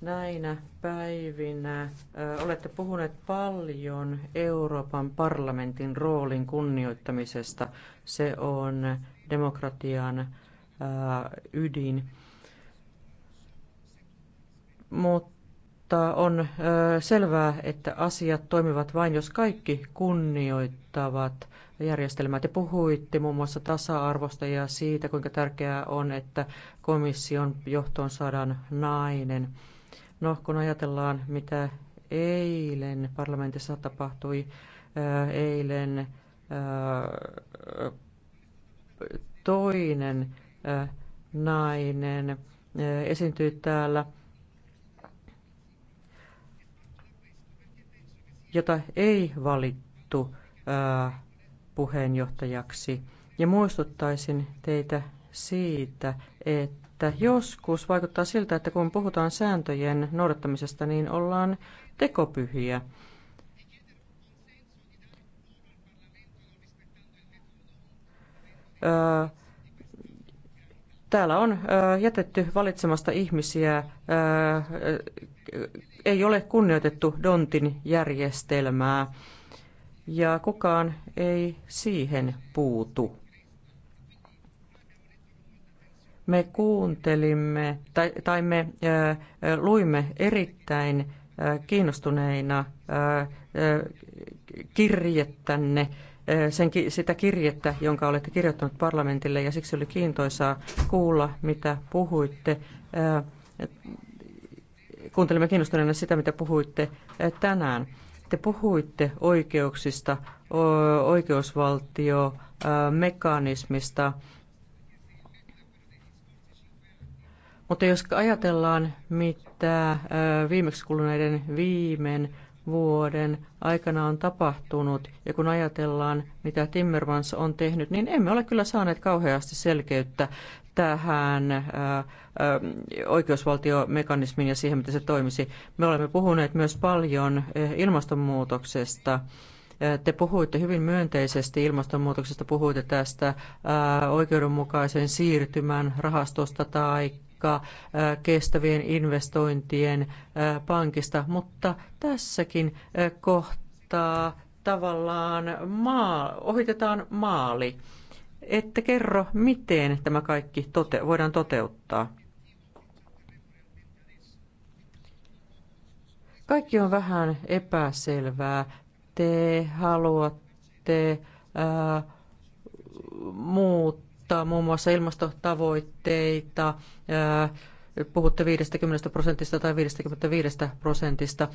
Näinä päivinä olette puhuneet paljon Euroopan parlamentin roolin kunnioittamisesta. Se on demokratian ydin. Mutta on selvää, että asiat toimivat vain, jos kaikki kunnioittavat järjestelmää. Te puhuitte muun muassa tasa-arvosta ja siitä, kuinka tärkeää on, että komission johtoon saadaan nainen. No, kun ajatellaan, mitä eilen parlamentissa tapahtui, äh, eilen äh, toinen äh, nainen esiintyi täällä, jota ei valittu puheenjohtajaksi. Ja muistuttaisin teitä siitä, että että joskus vaikuttaa siltä, että kun puhutaan sääntöjen noudattamisesta, niin ollaan tekopyhiä. Öö, täällä on jätetty valitsemasta ihmisiä, ei ole kunnioitettu Dontin järjestelmää ja kukaan ei siihen puutu me kuuntelimme tai, tai me äh, luimme erittäin äh, kiinnostuneina äh, kirjettänne, äh, sen, sitä kirjettä, jonka olette kirjoittanut parlamentille, ja siksi oli kiintoisaa kuulla, mitä puhuitte. Äh, kuuntelimme kiinnostuneena sitä, mitä puhuitte äh, tänään. Te puhuitte oikeuksista, oikeusvaltio, mekanismista, Mutta jos ajatellaan, mitä viimeksi kuluneiden viimein vuoden aikana on tapahtunut, ja kun ajatellaan, mitä Timmermans on tehnyt, niin emme ole kyllä saaneet kauheasti selkeyttä tähän ää, ää, oikeusvaltiomekanismiin ja siihen, miten se toimisi. Me olemme puhuneet myös paljon ilmastonmuutoksesta. Te puhuitte hyvin myönteisesti ilmastonmuutoksesta, puhuitte tästä oikeudenmukaisen siirtymän rahastosta tai taakkaa äh, kestävien investointien äh, pankista, mutta tässäkin äh, kohtaa tavallaan maa, ohitetaan maali. Ette kerro, miten tämä kaikki tote, voidaan toteuttaa. Kaikki on vähän epäselvää. Te haluatte ää, muut muuttaa muun muassa ilmastotavoitteita, puhutte 50 prosentista tai 55 prosentista.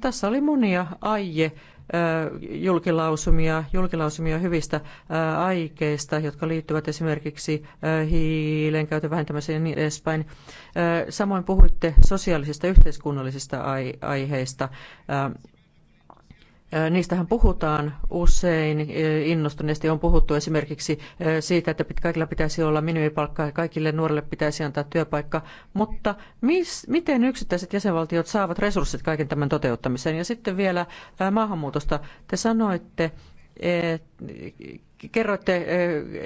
Tässä oli monia aie julkilausumia, julkilausumia hyvistä aikeista, jotka liittyvät esimerkiksi hiilen käytön vähentämiseen ja niin edespäin. Samoin puhuitte sosiaalisista yhteiskunnallisista aiheista. Niistähän puhutaan usein, innostuneesti on puhuttu esimerkiksi siitä, että kaikilla pitäisi olla minimipalkka ja kaikille nuorille pitäisi antaa työpaikka, mutta mis, miten yksittäiset jäsenvaltiot saavat resurssit kaiken tämän toteuttamiseen? Ja sitten vielä maahanmuutosta. Te sanoitte, e, kerroitte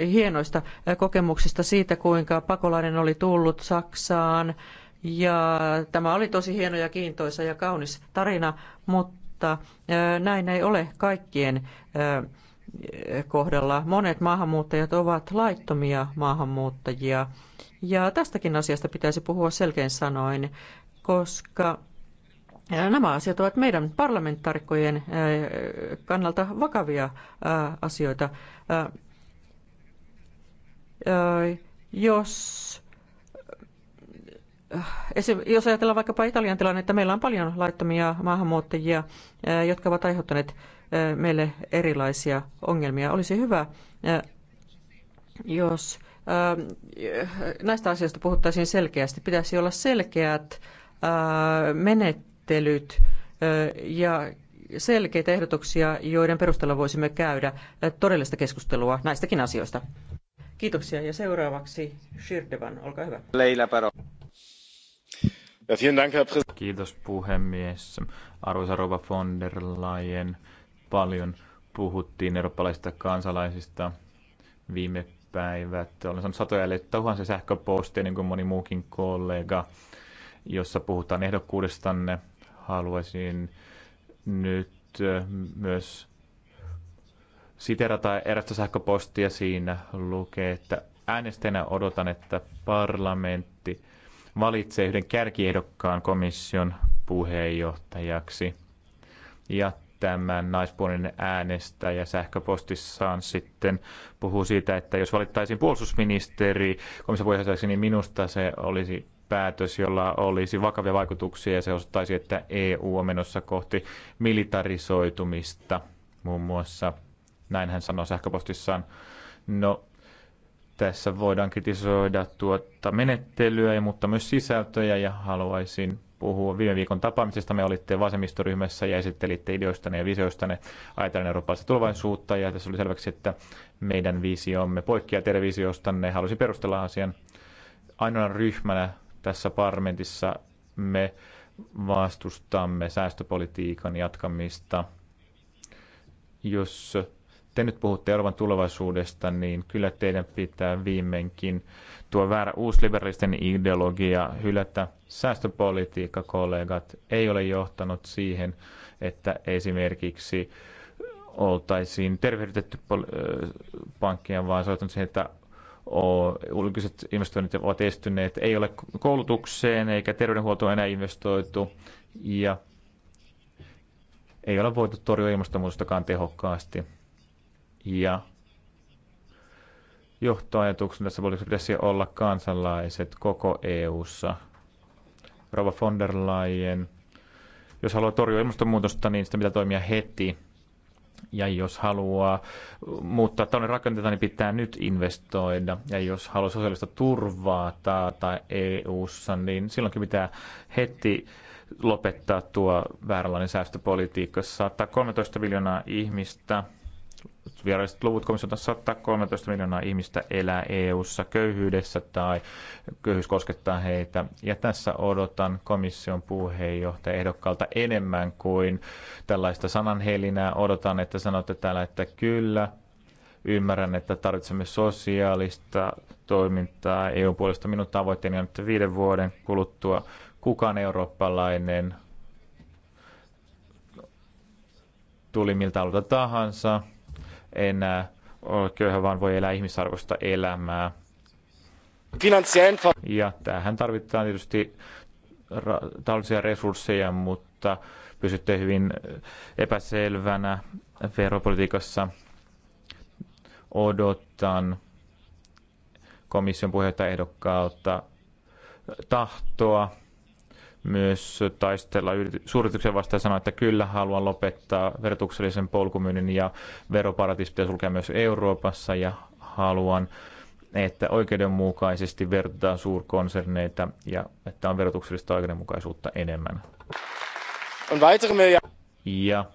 hienoista kokemuksista siitä, kuinka pakolainen oli tullut Saksaan, ja tämä oli tosi hieno ja kiintoisa ja kaunis tarina, mutta mutta näin ei ole kaikkien kohdalla. Monet maahanmuuttajat ovat laittomia maahanmuuttajia. Ja tästäkin asiasta pitäisi puhua selkein sanoin, koska nämä asiat ovat meidän parlamentaarikkojen kannalta vakavia asioita. Jos jos ajatellaan vaikkapa Italian tilannetta, meillä on paljon laittomia maahanmuuttajia, jotka ovat aiheuttaneet meille erilaisia ongelmia. Olisi hyvä, jos näistä asioista puhuttaisiin selkeästi. Pitäisi olla selkeät menettelyt ja selkeitä ehdotuksia, joiden perusteella voisimme käydä todellista keskustelua näistäkin asioista. Kiitoksia ja seuraavaksi Shirdevan, olkaa hyvä. Leila Paro. Kiitos puhemies. Arvoisa Rova von der Leyen, paljon puhuttiin eurooppalaisista kansalaisista viime päivät. Olen saanut satoja eli tuhansia sähköpostia, niin kuin moni muukin kollega, jossa puhutaan ehdokkuudestanne. Haluaisin nyt myös siterata erästä sähköpostia. Siinä lukee, että äänestäjänä odotan, että parlamentti – valitsee yhden kärkiehdokkaan komission puheenjohtajaksi. Ja tämä naispuolinen äänestäjä sähköpostissaan sitten puhuu siitä, että jos valittaisiin puolustusministeri komission puheenjohtajaksi, niin minusta se olisi päätös, jolla olisi vakavia vaikutuksia ja se osoittaisi, että EU on menossa kohti militarisoitumista muun muassa. Näin hän sanoi sähköpostissaan. No, tässä voidaan kritisoida tuota menettelyä, mutta myös sisältöjä ja haluaisin puhua viime viikon tapaamisesta. Me olitte vasemmistoryhmässä ja esittelitte ideoistanne ja visioistanne ajatellen eurooppalaista tulevaisuutta. Ja tässä oli selväksi, että meidän visiomme poikkeaa teidän visiostanne. Haluaisin perustella asian ainoana ryhmänä tässä parlamentissa. Me vastustamme säästöpolitiikan jatkamista. Jos te nyt puhutte Euroopan tulevaisuudesta, niin kyllä teidän pitää viimeinkin tuo väärä uusliberalistinen ideologia hylätä. Säästöpolitiikka, kollegat, ei ole johtanut siihen, että esimerkiksi oltaisiin tervehdytetty pankkia, vaan se on siihen, että julkiset investoinnit ovat estyneet, ei ole koulutukseen eikä terveydenhuoltoon enää investoitu ja ei ole voitu torjua ilmastonmuutostakaan tehokkaasti. Ja johtoajatuksena tässä politiikassa pitäisi olla kansalaiset koko EU-ssa. Rova von der Leyen, jos haluaa torjua ilmastonmuutosta, niin sitä pitää toimia heti. Ja jos haluaa muuttaa talouden rakenteita, niin pitää nyt investoida. Ja jos haluaa sosiaalista turvaa taata EU-ssa, niin silloinkin pitää heti lopettaa tuo vääränlainen säästöpolitiikka. 113 miljoonaa ihmistä viralliset luvut komission 113 miljoonaa ihmistä elää EU-ssa köyhyydessä tai köyhyys koskettaa heitä. Ja tässä odotan komission puheenjohtaja ehdokkaalta enemmän kuin tällaista sananhelinää. Odotan, että sanotte täällä, että kyllä, ymmärrän, että tarvitsemme sosiaalista toimintaa eu puolesta. Minun tavoitteeni on, että viiden vuoden kuluttua kukaan eurooppalainen tuli miltä alueelta tahansa – enää äh, köyhä, vaan voi elää ihmisarvoista elämää. Ja tähän tarvitaan tietysti taloudellisia resursseja, mutta pysytte hyvin epäselvänä veropolitiikassa. Odotan komission ehdokkaalta tahtoa myös taistella suurituksen vastaan ja sanoa, että kyllä haluan lopettaa verotuksellisen polkumyynnin ja veroparatiisit pitää sulkea myös Euroopassa ja haluan että oikeudenmukaisesti verotetaan suurkonserneita ja että on verotuksellista oikeudenmukaisuutta enemmän. On Ja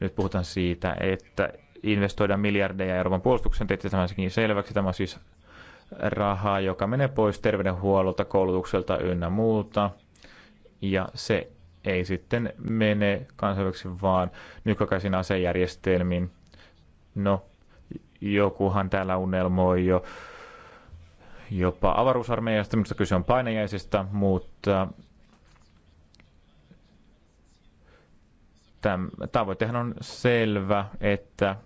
nyt puhutaan siitä, että investoidaan miljardeja Euroopan puolustukseen. Teitte tämän selväksi. Tämä on siis rahaa, joka menee pois terveydenhuollolta, koulutukselta ynnä muulta. Ja se ei sitten mene kansainväliseksi, vaan nykyaikaisiin asejärjestelmiin. No, jokuhan täällä unelmoi jo jopa avaruusarmeijasta, minusta kyse on painajaisista, mutta tämän tavoitehan on selvä, että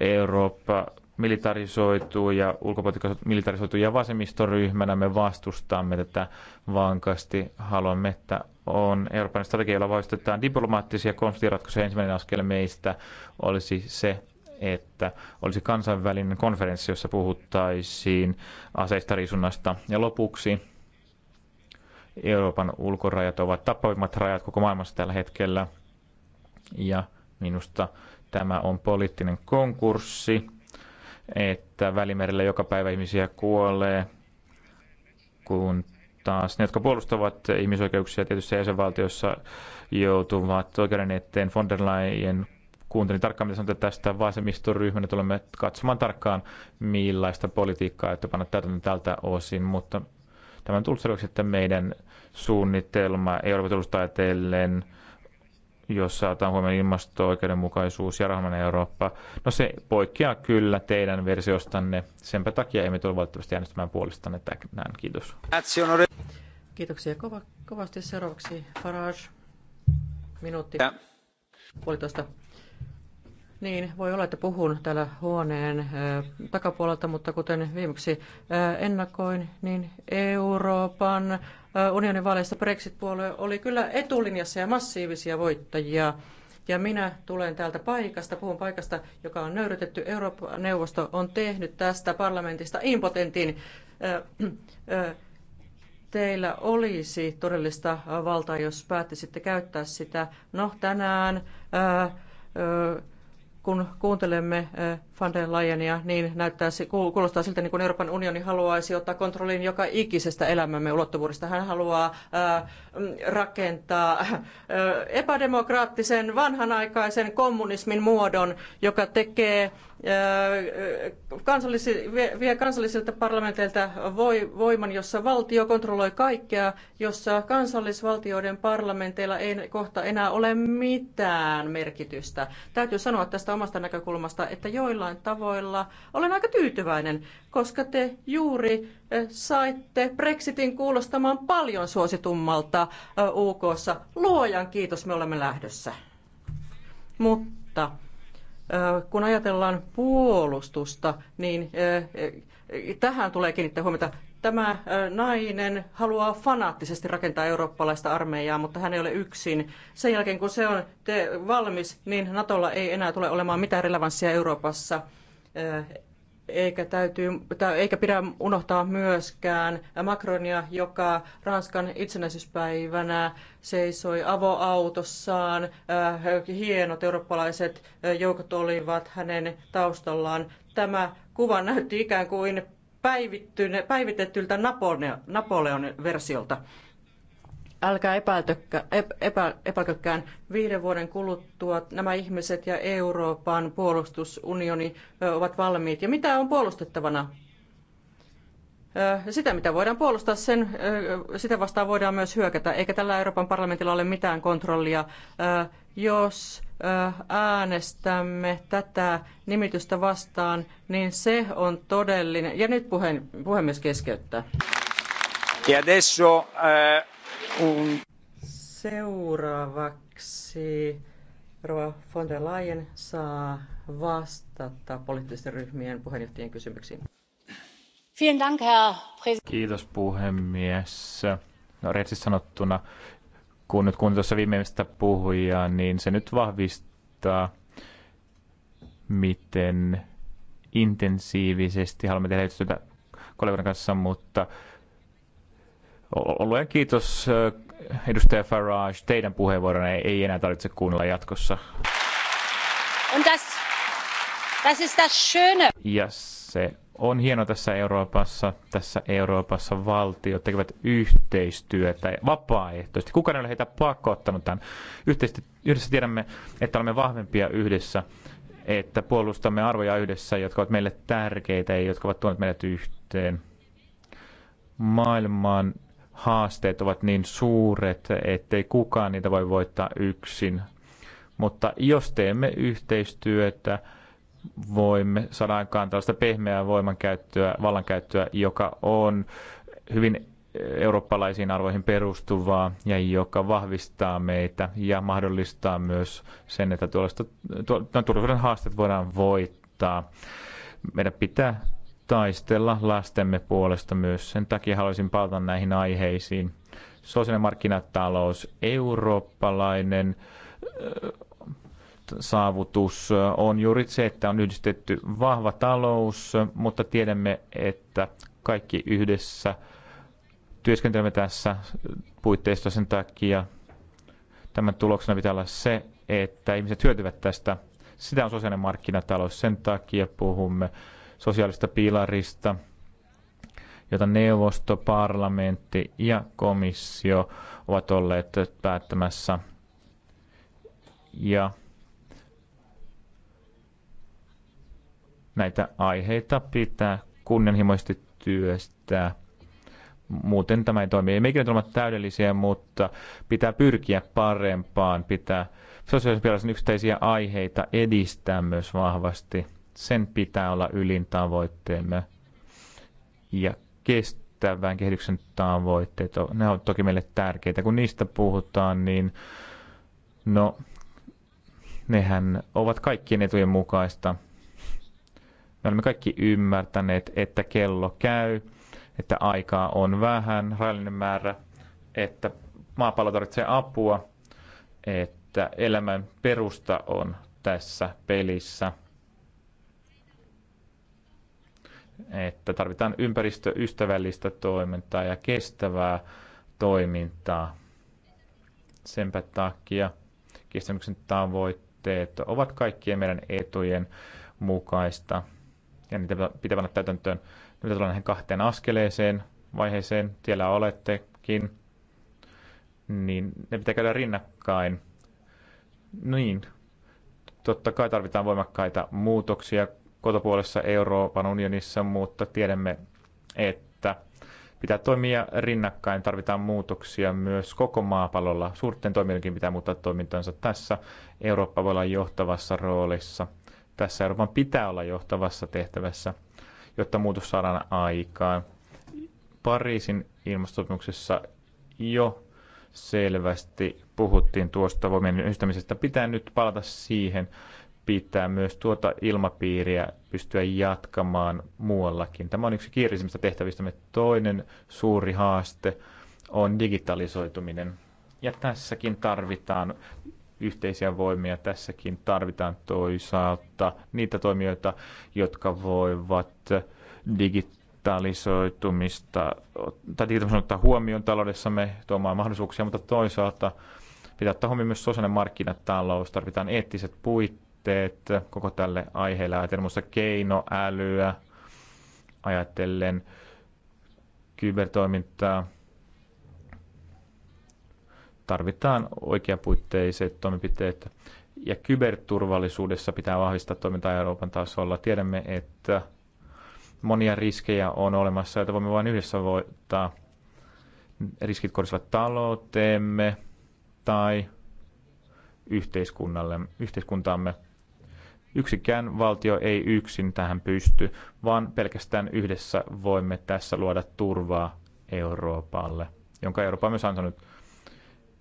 Eurooppa militarisoituu ja ulkopolitiikka militarisoituu ja vasemmistoryhmänä me vastustamme tätä vankasti. Haluamme, että on Euroopan strategia, jolla vahvistetaan diplomaattisia konfliktiratkaisuja. Ensimmäinen askel meistä olisi se, että olisi kansainvälinen konferenssi, jossa puhuttaisiin aseista riisunnasta. Ja lopuksi Euroopan ulkorajat ovat tappavimmat rajat koko maailmassa tällä hetkellä. Ja minusta tämä on poliittinen konkurssi että Välimerellä joka päivä ihmisiä kuolee, kun taas ne, jotka puolustavat ihmisoikeuksia tietyissä jäsenvaltiossa, joutuvat oikeuden eteen von der Leyen kuuntelin tarkkaan, mitä sanotte tästä että Tulemme katsomaan tarkkaan, millaista politiikkaa että panna täytäntöön tältä osin, mutta tämän tullut selväksi, että meidän suunnitelma Euroopan tulostaiteilleen jossa otetaan huomioon ilmasto-oikeudenmukaisuus ja rahmanen Eurooppa. No se poikkeaa kyllä teidän versiostanne. Senpä takia emme tule valitettavasti äänestämään puolestanne tänään. Kiitos. Kiitoksia kova, kovasti. Seuraavaksi Farage. Minuutti. Ja. Puolitoista. Niin, voi olla, että puhun täällä huoneen takapuolelta, mutta kuten viimeksi ennakoin, niin Euroopan unionin vaaleissa Brexit-puolue oli kyllä etulinjassa ja massiivisia voittajia. Ja minä tulen täältä paikasta, puhun paikasta, joka on nöyrytetty. Euroopan neuvosto on tehnyt tästä parlamentista impotentin. Teillä olisi todellista valtaa, jos päättisitte käyttää sitä. No, tänään... Öö, öö, kun kuuntelemme van der Leyenia, niin näyttää, kuulostaa siltä, niin kuin Euroopan unioni haluaisi ottaa kontrollin joka ikisestä elämämme ulottuvuudesta. Hän haluaa äh, mm, rakentaa ää, äh, epädemokraattisen, vanhanaikaisen kommunismin muodon, joka tekee äh, kansallisi, vie, vie kansallisilta parlamenteilta voi, voiman, jossa valtio kontrolloi kaikkea, jossa kansallisvaltioiden parlamenteilla ei kohta enää ole mitään merkitystä. Täytyy sanoa tästä omasta näkökulmasta, että joilla jollain tavoilla olen aika tyytyväinen, koska te juuri eh, saitte Brexitin kuulostamaan paljon suositummalta eh, UKssa. Luojan kiitos, me olemme lähdössä. Mutta eh, kun ajatellaan puolustusta, niin tähän tulee kiinnittää huomiota. Tämä nainen haluaa fanaattisesti rakentaa eurooppalaista armeijaa, mutta hän ei ole yksin. Sen jälkeen kun se on te valmis, niin Natolla ei enää tule olemaan mitään relevanssia Euroopassa. Eikä, täytyy, eikä pidä unohtaa myöskään Macronia, joka Ranskan itsenäisyyspäivänä seisoi avoautossaan. Hienot eurooppalaiset joukot olivat hänen taustallaan. Tämä kuva näytti ikään kuin päivitettyltä Napoleon versiolta. Älkää epäiltökkä, epä, Viiden vuoden kuluttua nämä ihmiset ja Euroopan puolustusunioni ovat valmiit. Ja mitä on puolustettavana? sitä, mitä voidaan puolustaa, sen, sitä vastaan voidaan myös hyökätä, eikä tällä Euroopan parlamentilla ole mitään kontrollia. Jos äänestämme tätä nimitystä vastaan, niin se on todellinen. Ja nyt puheen, puhemies keskeyttää. Ja adesso, äh, un... Seuraavaksi Rova von der Leyen saa vastata poliittisten ryhmien puheenjohtajien kysymyksiin. Kiitos puhemies. No rehellisesti sanottuna, kun nyt kuuntelin tuossa viimeistä puhujaa, niin se nyt vahvistaa, miten intensiivisesti haluamme tehdä yhteistyötä kollegan kanssa, mutta ollut kiitos eh, edustaja Farage, teidän puheenvuoronne ei enää tarvitse kuunnella jatkossa. Und das, das ist das Schöne. Ja se on hienoa tässä Euroopassa, tässä Euroopassa valtiot tekevät yhteistyötä vapaaehtoisesti. Kukaan ei ole heitä pakottanut tämän. Yhteisesti, yhdessä tiedämme, että olemme vahvempia yhdessä, että puolustamme arvoja yhdessä, jotka ovat meille tärkeitä ja jotka ovat tuoneet meidät yhteen. Maailman haasteet ovat niin suuret, ettei kukaan niitä voi voittaa yksin. Mutta jos teemme yhteistyötä, voimme saada aikaan tällaista pehmeää voimankäyttöä, vallankäyttöä, joka on hyvin eurooppalaisiin arvoihin perustuvaa ja joka vahvistaa meitä ja mahdollistaa myös sen, että tuollaista, turvallisuuden haasteet voidaan voittaa. Meidän pitää taistella lastemme puolesta myös. Sen takia haluaisin palata näihin aiheisiin. Sosiaalinen markkinatalous, eurooppalainen saavutus on juuri se, että on yhdistetty vahva talous, mutta tiedämme, että kaikki yhdessä työskentelemme tässä puitteista sen takia. Tämän tuloksena pitää olla se, että ihmiset hyötyvät tästä. Sitä on sosiaalinen markkinatalous. Sen takia puhumme sosiaalista pilarista, jota neuvosto, parlamentti ja komissio ovat olleet päättämässä. Ja Näitä aiheita pitää kunnianhimoisesti työstää. Muuten tämä ei toimi. Ei meikin ole täydellisiä, mutta pitää pyrkiä parempaan. Pitää sosiaalisen yksittäisiä aiheita edistää myös vahvasti. Sen pitää olla ylin tavoitteemme. Ja kestävän kehityksen tavoitteet, ne ovat toki meille tärkeitä. Kun niistä puhutaan, niin no, nehän ovat kaikkien etujen mukaista. Me olemme kaikki ymmärtäneet, että kello käy, että aikaa on vähän, rajallinen määrä, että maapallo tarvitsee apua, että elämän perusta on tässä pelissä. Että tarvitaan ympäristöystävällistä toimintaa ja kestävää toimintaa. Senpä takia kestämyksen tavoitteet ovat kaikkien meidän etujen mukaista ja niitä pitää panna täytäntöön. Nyt tulee näihin kahteen askeleeseen, vaiheeseen, siellä olettekin, niin ne pitää käydä rinnakkain. Niin, totta kai tarvitaan voimakkaita muutoksia kotopuolessa Euroopan unionissa, mutta tiedämme, että pitää toimia rinnakkain, tarvitaan muutoksia myös koko maapallolla. Suurten toimijoidenkin pitää muuttaa toimintansa tässä. Eurooppa voi olla johtavassa roolissa – tässä Euroopan pitää olla johtavassa tehtävässä, jotta muutos saadaan aikaan. Pariisin ilmastosopimuksessa jo selvästi puhuttiin tuosta voimien yhdistämisestä. Pitää nyt palata siihen. Pitää myös tuota ilmapiiriä pystyä jatkamaan muuallakin. Tämä on yksi kiireisimmistä me Toinen suuri haaste on digitalisoituminen. Ja tässäkin tarvitaan yhteisiä voimia. Tässäkin tarvitaan toisaalta niitä toimijoita, jotka voivat digitalisoitumista tai digitalisoitumista ottaa huomioon taloudessamme tuomaan mahdollisuuksia, mutta toisaalta pitää ottaa huomioon myös sosiaalinen markkinatalous. Tarvitaan eettiset puitteet koko tälle aiheelle ajatellen muista keinoälyä, ajatellen kybertoimintaa, tarvitaan oikeapuitteiset toimenpiteet. Ja kyberturvallisuudessa pitää vahvistaa toimintaa Euroopan tasolla. Tiedämme, että monia riskejä on olemassa, joita voimme vain yhdessä voittaa. Riskit kohdistuvat talouteemme tai yhteiskunnalle, yhteiskuntaamme. Yksikään valtio ei yksin tähän pysty, vaan pelkästään yhdessä voimme tässä luoda turvaa Euroopalle, jonka Eurooppa on myös antanut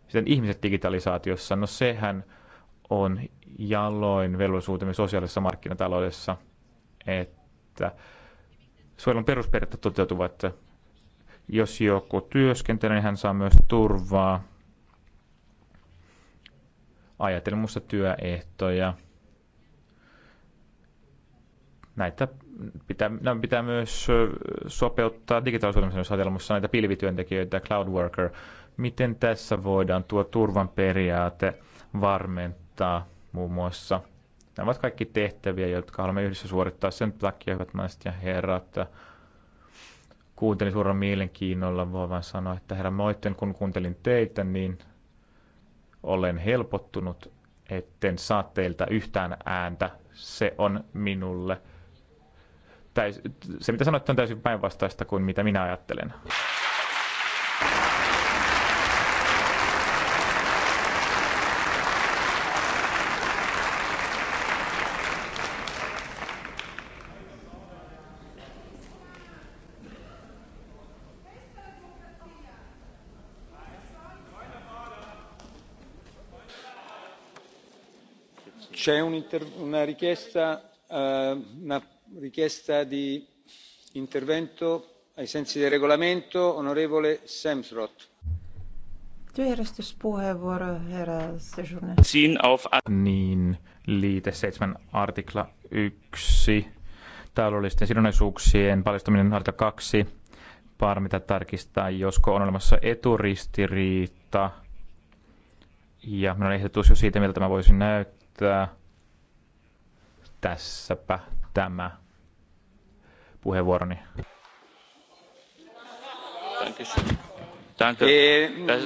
sitten ihmiset digitalisaatiossa, no sehän on jaloin velvollisuutemme sosiaalisessa markkinataloudessa, että suojelun perusperiaatteet toteutuvat. Jos joku työskentelee, niin hän saa myös turvaa ajatelmusta työehtoja. Näitä pitää, nämä pitää myös sopeuttaa digitaalisuudellisessa ajatelmassa näitä pilvityöntekijöitä, cloud worker Miten tässä voidaan tuo turvan periaate varmentaa muun muassa? Nämä ovat kaikki tehtäviä, jotka haluamme yhdessä suorittaa. Sen takia, hyvät naiset ja herrat, kuuntelin suurella mielenkiinnolla. Voin vain sanoa, että herra Moitten, kun kuuntelin teitä, niin olen helpottunut, etten saa teiltä yhtään ääntä. Se on minulle. Täys, se, mitä sanoit, on täysin päinvastaista kuin mitä minä ajattelen. c'è una richiesta eh, una richiesta di intervento ai sensi del regolamento onorevole semsrott. Työjärjestyspuheenvuoro, herra Sejourne. Niin, liite 7 artikla 1. Taloudellisten sidonnaisuuksien paljastaminen artikla 2. Parmita tarkistaa, josko on olemassa eturistiriita. Ja minulla on ehdotus jo siitä, miltä tämä voisi näyttää että tässäpä tämä puheenvuoroni. Eh,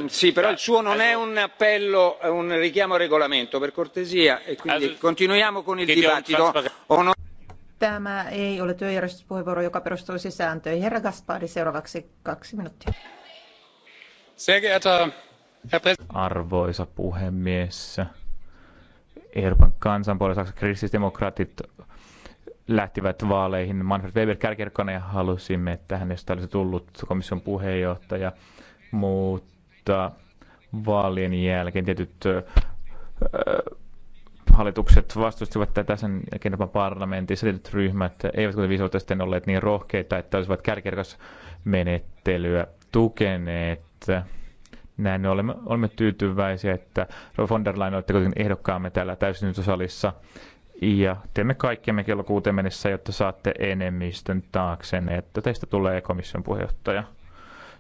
sì, però il suo non è un appello, è un richiamo al regolamento, per cortesia, e quindi continuiamo con il dibattito. Tämä ei ole työjärjestyspuheenvuoro, joka perustuisi sääntöihin. Herra Gaspari, seuraavaksi kaksi minuuttia. Arvoisa puhemies, Euroopan kansanpuolue, Saksan kristillisdemokraatit lähtivät vaaleihin Manfred Weber kärkirkkana ja halusimme, että hänestä olisi tullut komission puheenjohtaja, mutta vaalien jälkeen tietyt ö, hallitukset vastustivat tätä sen jälkeen parlamentissa. Tietyt ryhmät eivät kuten viisi vuotta sitten olleet niin rohkeita, että olisivat kärkirkas menettelyä tukeneet. Näin olemme, olemme tyytyväisiä, että von der Leyen olette kuitenkin ehdokkaamme täällä osallissa. Ja teemme kaikkemme kello kuuteen mennessä, jotta saatte enemmistön taakseen, että teistä tulee komission puheenjohtaja.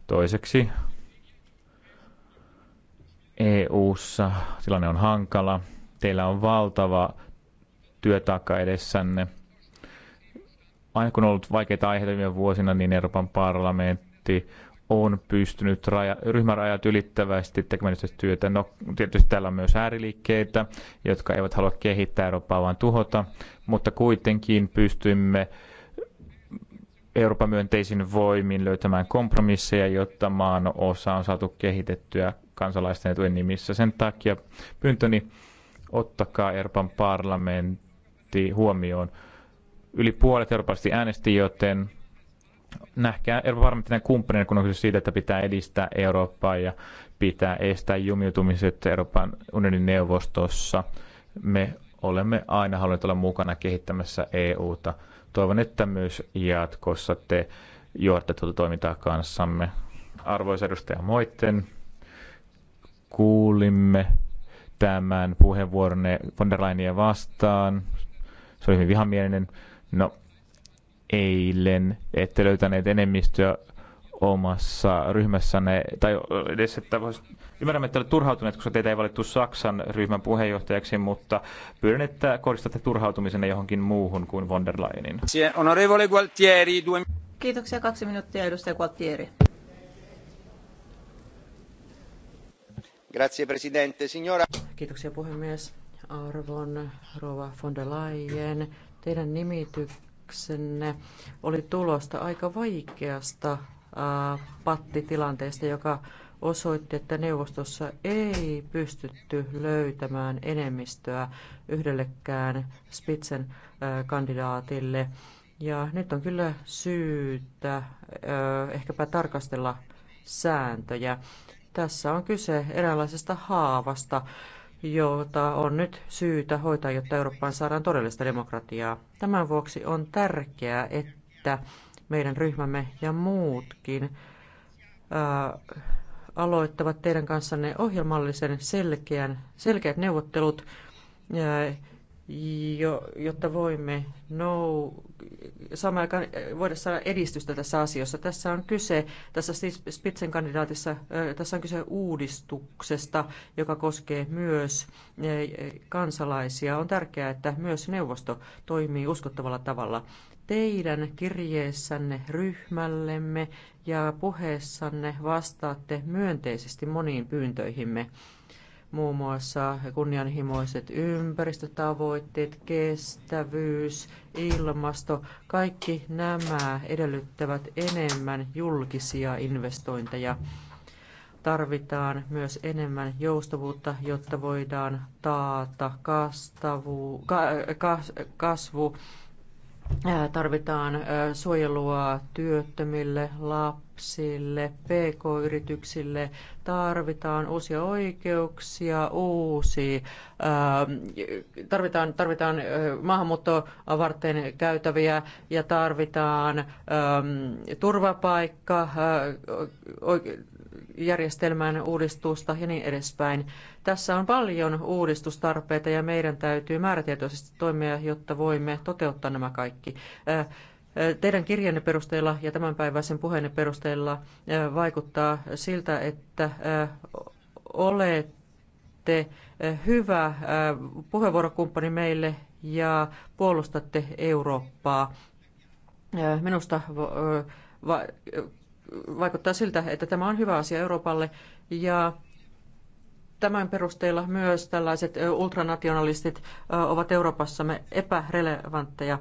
Toiseksi EU-ssa tilanne on hankala. Teillä on valtava työtaakka edessänne. Aina kun on ollut vaikeita aiheita viime vuosina, niin Euroopan parlamentti on pystynyt raja, ryhmärajat ylittävästi tekemään työtä. No, tietysti täällä on myös ääriliikkeitä, jotka eivät halua kehittää Eurooppaa, vaan tuhota, mutta kuitenkin pystymme Euroopan myönteisin voimin löytämään kompromisseja, jotta maan osa on saatu kehitettyä kansalaisten etujen nimissä. Sen takia pyyntöni ottakaa Euroopan parlamentti huomioon. Yli puolet Euroopasti äänesti, joten nähkää Euroopan parlamentin kumppanina, kun on kyse siitä, että pitää edistää Eurooppaa ja pitää estää jumiutumiset Euroopan unionin neuvostossa. Me olemme aina halunneet olla mukana kehittämässä EUta. Toivon, että myös jatkossa te johdatte tuota toimintaa kanssamme. Arvoisa edustaja Moitten, kuulimme tämän puheenvuoronne von der Leinia vastaan. Se oli hyvin vihamielinen. No, eilen, ette löytäneet enemmistöä omassa ryhmässänne, tai edes, että vois, ymmärrämme, että olet turhautuneet, koska teitä ei valittu Saksan ryhmän puheenjohtajaksi, mutta pyydän, että kohdistatte turhautumisenne johonkin muuhun kuin von der Leyenin. Kiitoksia, kaksi minuuttia, edustaja Gualtieri. Grazie, presidente. Signora... Kiitoksia, puhemies. Arvon, rouva von der Leyen, teidän nimityksenne kysymyksenne oli tulosta aika vaikeasta pattitilanteesta, joka osoitti, että neuvostossa ei pystytty löytämään enemmistöä yhdellekään Spitzen kandidaatille. Ja nyt on kyllä syytä ehkäpä tarkastella sääntöjä. Tässä on kyse eräänlaisesta haavasta jota on nyt syytä hoitaa, jotta Eurooppaan saadaan todellista demokratiaa. Tämän vuoksi on tärkeää, että meidän ryhmämme ja muutkin ää, äh, aloittavat teidän kanssanne ohjelmallisen selkeän, selkeät neuvottelut ää, äh, jo, jotta voimme nou, samaan aikaan voida saada edistystä tässä asiassa. Tässä on kyse, tässä siis Spitsen kandidaatissa, tässä on kyse uudistuksesta, joka koskee myös e, kansalaisia. On tärkeää, että myös neuvosto toimii uskottavalla tavalla. Teidän kirjeessänne ryhmällemme ja puheessanne vastaatte myönteisesti moniin pyyntöihimme muun muassa kunnianhimoiset ympäristötavoitteet, kestävyys, ilmasto, kaikki nämä edellyttävät enemmän julkisia investointeja. Tarvitaan myös enemmän joustavuutta, jotta voidaan taata kastavu, kasvu. Tarvitaan suojelua työttömille, lapsille yrityksille, pk-yrityksille tarvitaan uusia oikeuksia, uusi, ää, ähm, tarvitaan, tarvitaan äh, maahanmuuttoa varten käytäviä ja tarvitaan ää, ähm, turvapaikka, ää, äh, järjestelmän uudistusta ja niin edespäin. Tässä on paljon uudistustarpeita ja meidän täytyy määrätietoisesti toimia, jotta voimme toteuttaa nämä kaikki. Äh, Teidän kirjanne perusteella ja tämänpäiväisen puheenne perusteella vaikuttaa siltä, että olette hyvä puheenvuorokumppani meille ja puolustatte Eurooppaa. Minusta vaikuttaa siltä, että tämä on hyvä asia Euroopalle ja tämän perusteella myös tällaiset ultranationalistit ovat Euroopassamme epärelevantteja.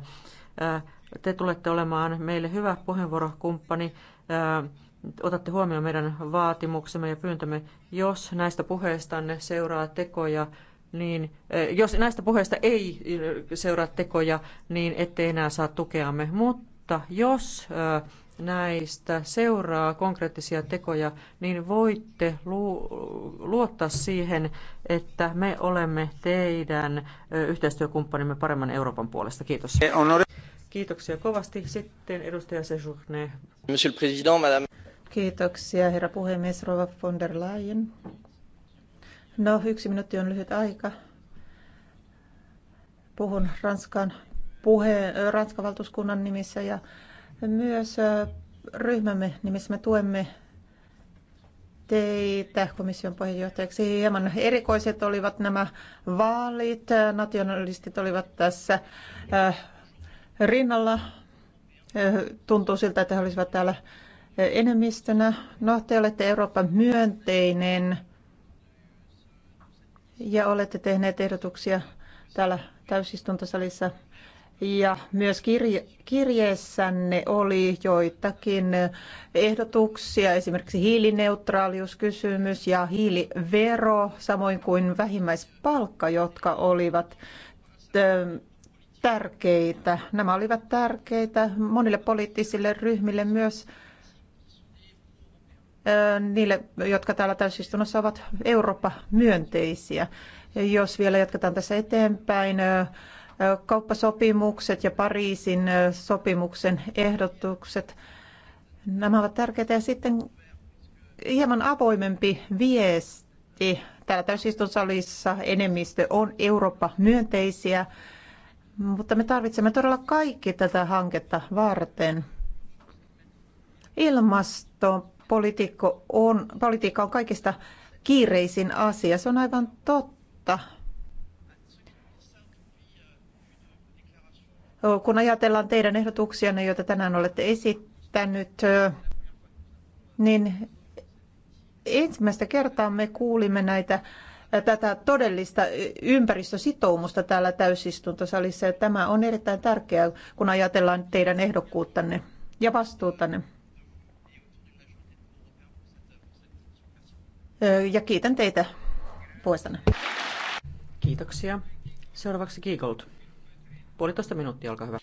Te tulette olemaan meille hyvä puheenvuorokumppani. Otatte huomioon meidän vaatimuksemme ja pyyntömme. Jos näistä puheistanne seuraa tekoja, niin jos näistä puheista ei seuraa tekoja, niin ette enää saa tukeamme. Mutta jos näistä seuraa konkreettisia tekoja, niin voitte luottaa siihen, että me olemme teidän yhteistyökumppanimme paremman Euroopan puolesta. Kiitos. Kiitoksia kovasti. Sitten edustaja Sejourne. Monsieur le Président, Madame. Kiitoksia, herra puhemies Rova von der Leyen. No, yksi minuutti on lyhyt aika. Puhun Ranskan puhe, Ranskan valtuuskunnan nimissä ja myös ryhmämme nimissä me tuemme teitä komission puheenjohtajaksi. Hieman erikoiset olivat nämä vaalit. Nationalistit olivat tässä rinnalla. Tuntuu siltä, että he olisivat täällä enemmistönä. No, te olette Euroopan myönteinen ja olette tehneet ehdotuksia täällä täysistuntosalissa. Ja myös kirje, kirjeessänne oli joitakin ehdotuksia, esimerkiksi hiilineutraaliuskysymys ja hiilivero, samoin kuin vähimmäispalkka, jotka olivat tärkeitä. Nämä olivat tärkeitä monille poliittisille ryhmille myös niille, jotka täällä täysistunnossa ovat Eurooppa-myönteisiä. Jos vielä jatketaan tässä eteenpäin, kauppasopimukset ja Pariisin sopimuksen ehdotukset, nämä ovat tärkeitä. Ja sitten hieman avoimempi viesti. Täällä täysistunnossa enemmistö on Eurooppa-myönteisiä mutta me tarvitsemme todella kaikki tätä hanketta varten. Ilmastopolitiikka on, on kaikista kiireisin asia. Se on aivan totta. Kun ajatellaan teidän ehdotuksianne, joita tänään olette esittänyt, niin ensimmäistä kertaa me kuulimme näitä tätä todellista ympäristösitoumusta täällä täysistuntosalissa. Ja tämä on erittäin tärkeää, kun ajatellaan teidän ehdokkuuttanne ja vastuutanne. Ja kiitän teitä puolestanne. Kiitoksia. Seuraavaksi Kiikold. Puolitoista minuuttia, olkaa hyvä.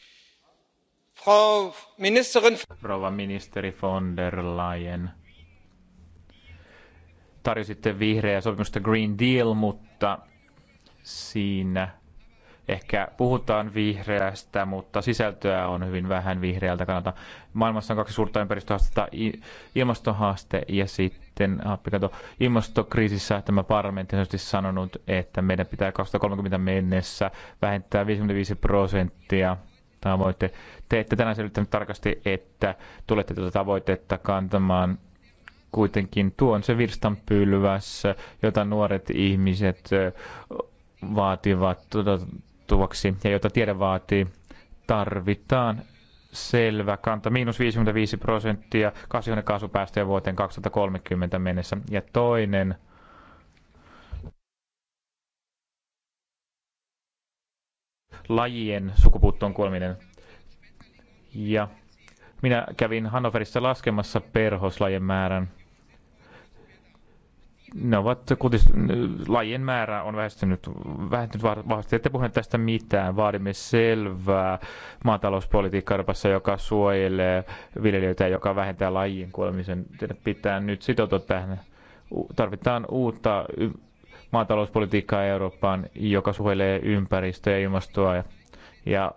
Frau Ministerin... Rouva ministeri von der Leyen, tarjositte vihreää sopimusta Green Deal, mutta siinä ehkä puhutaan vihreästä, mutta sisältöä on hyvin vähän vihreältä kannalta. Maailmassa on kaksi suurta ympäristöhaastetta, ilmastohaaste ja sitten happikato. Ilmastokriisissä tämä parlamentti on sanonut, että meidän pitää 2030 mennessä vähentää 55 prosenttia tavoite. Te ette tänään selvittänyt tarkasti, että tulette tuota tavoitetta kantamaan kuitenkin tuo on se virstanpylväs, jota nuoret ihmiset vaativat tuvaksi ja jota tiede vaatii. Tarvitaan selvä kanta, miinus 55 prosenttia kasvihuonekaasupäästöjä vuoteen 2030 mennessä. Ja toinen lajien sukupuuttoon kuoleminen. Ja minä kävin Hannoverissa laskemassa perhoslajien määrän ne ovat kutis, lajien määrä on vähentynyt, vähentynyt vahvasti. Ette puhuneet tästä mitään. Vaadimme selvää maatalouspolitiikkaa Euroopassa, joka suojelee viljelijöitä ja joka vähentää lajien kuolemisen. Teidän pitää nyt sitoutua tähän. Tarvitaan uutta maatalouspolitiikkaa Eurooppaan, joka suojelee ympäristöä ja ilmastoa ja, ja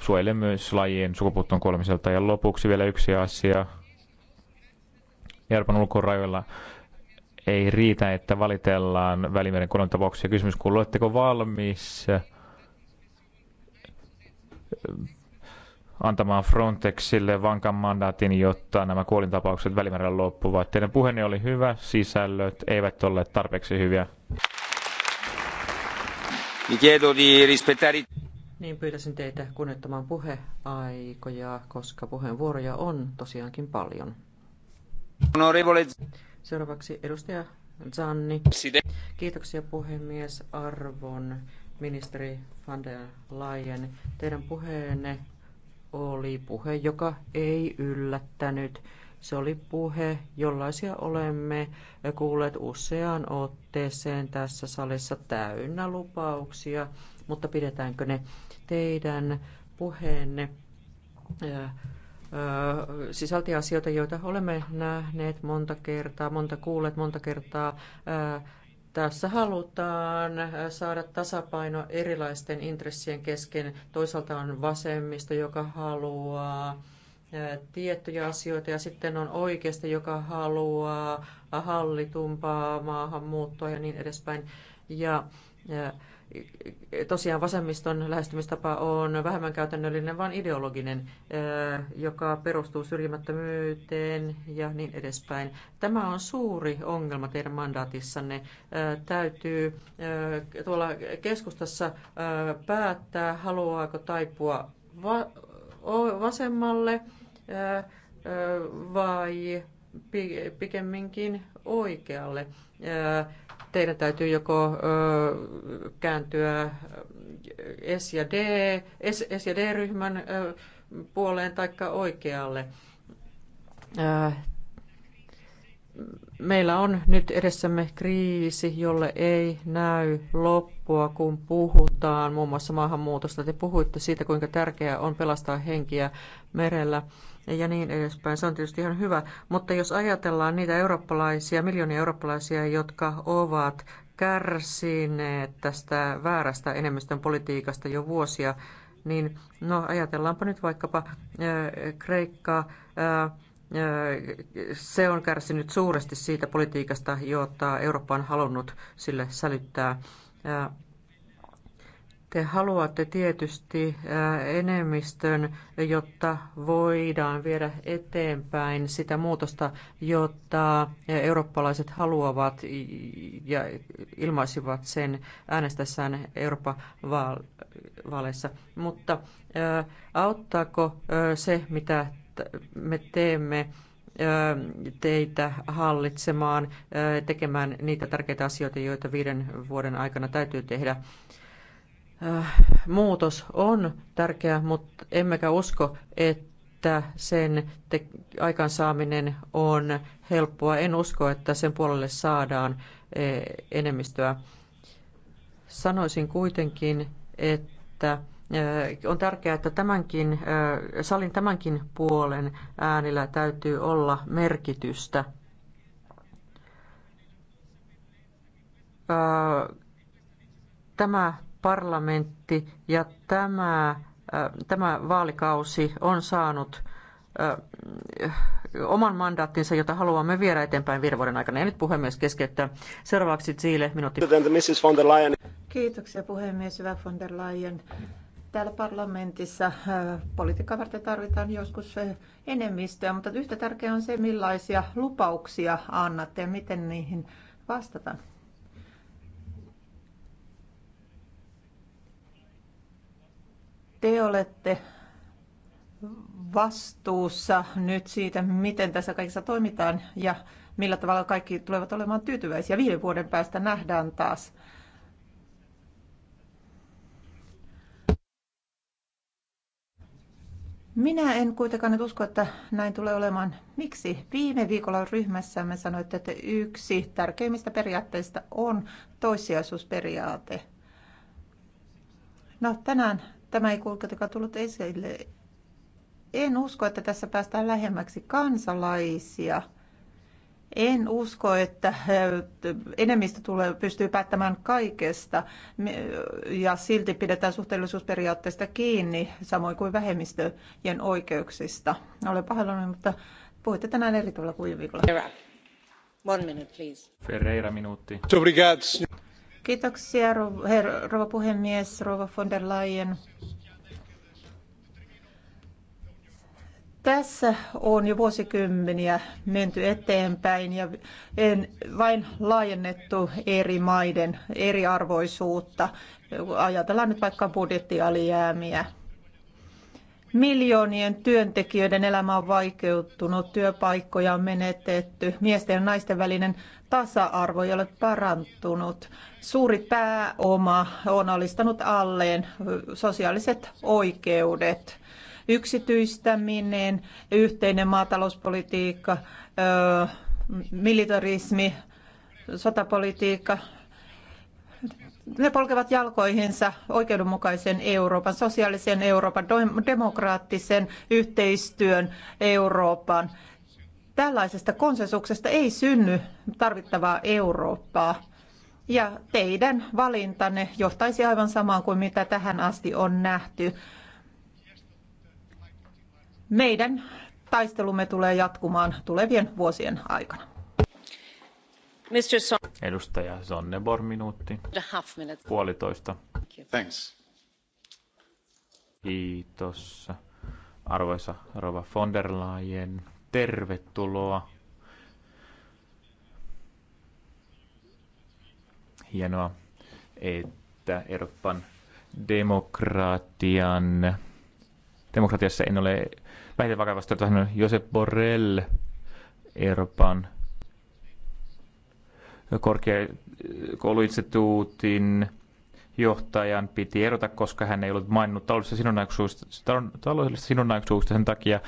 suojelee myös lajien sukupuuttoon kuolemiselta. Ja lopuksi vielä yksi asia. Euroopan ulkorajoilla ei riitä, että valitellaan välimeren Ja Kysymys kuuluu, oletteko valmis äh, antamaan Frontexille vankan mandaatin, jotta nämä kuolintapaukset välimerellä loppuvat. Teidän puheenne oli hyvä, sisällöt eivät ole tarpeeksi hyviä. Niin pyytäisin teitä kunnioittamaan puheaikoja, koska puheenvuoroja on tosiaankin paljon. Honorable. Seuraavaksi edustaja Zanni. Kiitoksia puhemies Arvon ministeri van der Leyen. Teidän puheenne oli puhe, joka ei yllättänyt. Se oli puhe, jollaisia olemme kuulleet useaan otteeseen tässä salissa täynnä lupauksia, mutta pidetäänkö ne teidän puheenne? Äh, sisälti asioita, joita olemme nähneet monta kertaa, monta kuulleet monta kertaa. Tässä halutaan saada tasapaino erilaisten intressien kesken. Toisaalta on vasemmisto, joka haluaa tiettyjä asioita ja sitten on oikeasta, joka haluaa hallitumpaa maahanmuuttoa ja niin edespäin. Ja, ja tosiaan vasemmiston lähestymistapa on vähemmän käytännöllinen, vaan ideologinen, joka perustuu syrjimättömyyteen ja niin edespäin. Tämä on suuri ongelma teidän mandaatissanne. Täytyy tuolla keskustassa päättää, haluaako taipua vasemmalle vai pikemminkin oikealle teidän täytyy joko kääntyä S- ja, D, S, S- ja D-ryhmän puoleen tai oikealle. Meillä on nyt edessämme kriisi, jolle ei näy loppua, kun puhutaan muun muassa maahanmuutosta. Te puhuitte siitä, kuinka tärkeää on pelastaa henkiä merellä ja niin edespäin. Se on tietysti ihan hyvä, mutta jos ajatellaan niitä eurooppalaisia, miljoonia eurooppalaisia, jotka ovat kärsineet tästä väärästä enemmistön politiikasta jo vuosia, niin no ajatellaanpa nyt vaikkapa äh, Kreikkaa. Äh, äh, se on kärsinyt suuresti siitä politiikasta, jota Eurooppa on halunnut sille sälyttää. Äh, te haluatte tietysti enemmistön, jotta voidaan viedä eteenpäin sitä muutosta, jota eurooppalaiset haluavat ja ilmaisivat sen äänestässään Euroopan vaaleissa. Mutta auttaako se, mitä me teemme, teitä hallitsemaan, tekemään niitä tärkeitä asioita, joita viiden vuoden aikana täytyy tehdä? Äh, muutos on tärkeä, mutta emmekä usko, että sen te- aikansaaminen on helppoa. En usko, että sen puolelle saadaan e, enemmistöä. Sanoisin kuitenkin, että äh, on tärkeää, että tämänkin, äh, salin tämänkin puolen äänillä täytyy olla merkitystä. Tämä parlamentti ja tämä, äh, tämä vaalikausi on saanut äh, oman mandaattinsa, jota haluamme viedä eteenpäin viiden vuoden aikana. Ja nyt puhemies keskeyttää. Seuraavaksi Chile, minuutti. Kiitoksia puhemies, hyvä von der Leyen. Täällä parlamentissa äh, politiikka varten tarvitaan joskus enemmistöä, mutta yhtä tärkeää on se, millaisia lupauksia annatte ja miten niihin vastataan. Te olette vastuussa nyt siitä, miten tässä kaikessa toimitaan ja millä tavalla kaikki tulevat olemaan tyytyväisiä. Viiden vuoden päästä nähdään taas. Minä en kuitenkaan nyt usko, että näin tulee olemaan. Miksi? Viime viikolla ryhmässämme sanoitte, että yksi tärkeimmistä periaatteista on toissijaisuusperiaate. No tänään Tämä ei kuitenkaan tullut esille. En usko, että tässä päästään lähemmäksi kansalaisia. En usko, että äh, enemmistö tulee, pystyy päättämään kaikesta ja silti pidetään suhteellisuusperiaatteesta kiinni, samoin kuin vähemmistöjen oikeuksista. Olen pahoillani, mutta puhuitte tänään eri tavalla kuin viikolla. Ferreira, One minute, please. Ferreira, minuutti. Kiitoksia, rouva puhemies, rouva von der Leyen. Tässä on jo vuosikymmeniä menty eteenpäin ja en vain laajennettu eri maiden eriarvoisuutta. Ajatellaan nyt vaikka budjettialijäämiä. Miljoonien työntekijöiden elämä on vaikeutunut, työpaikkoja on menetetty, miesten ja naisten välinen tasa-arvo ei ole parantunut. Suuri pääoma on alistanut alleen sosiaaliset oikeudet. Yksityistäminen, yhteinen maatalouspolitiikka, militarismi, sotapolitiikka, ne polkevat jalkoihinsa oikeudenmukaisen Euroopan, sosiaalisen Euroopan, demokraattisen yhteistyön Euroopan. Tällaisesta konsensuksesta ei synny tarvittavaa Eurooppaa. Ja teidän valintanne johtaisi aivan samaan kuin mitä tähän asti on nähty. Meidän taistelumme tulee jatkumaan tulevien vuosien aikana. Mr. Son. Edustaja Sonnebor, minuutti. Half Puolitoista. Thanks. Kiitos. Arvoisa Rova von der Leyen, tervetuloa. Hienoa, että Euroopan demokratian demokratiassa en ole vähiten vakavasti, että Josep Borrell Euroopan korkeakouluinstituutin johtajan piti erota, koska hän ei ollut maininnut taloudellisista sidonnaisuuksista, taloudellisista sidonnaisuuksista sen takia.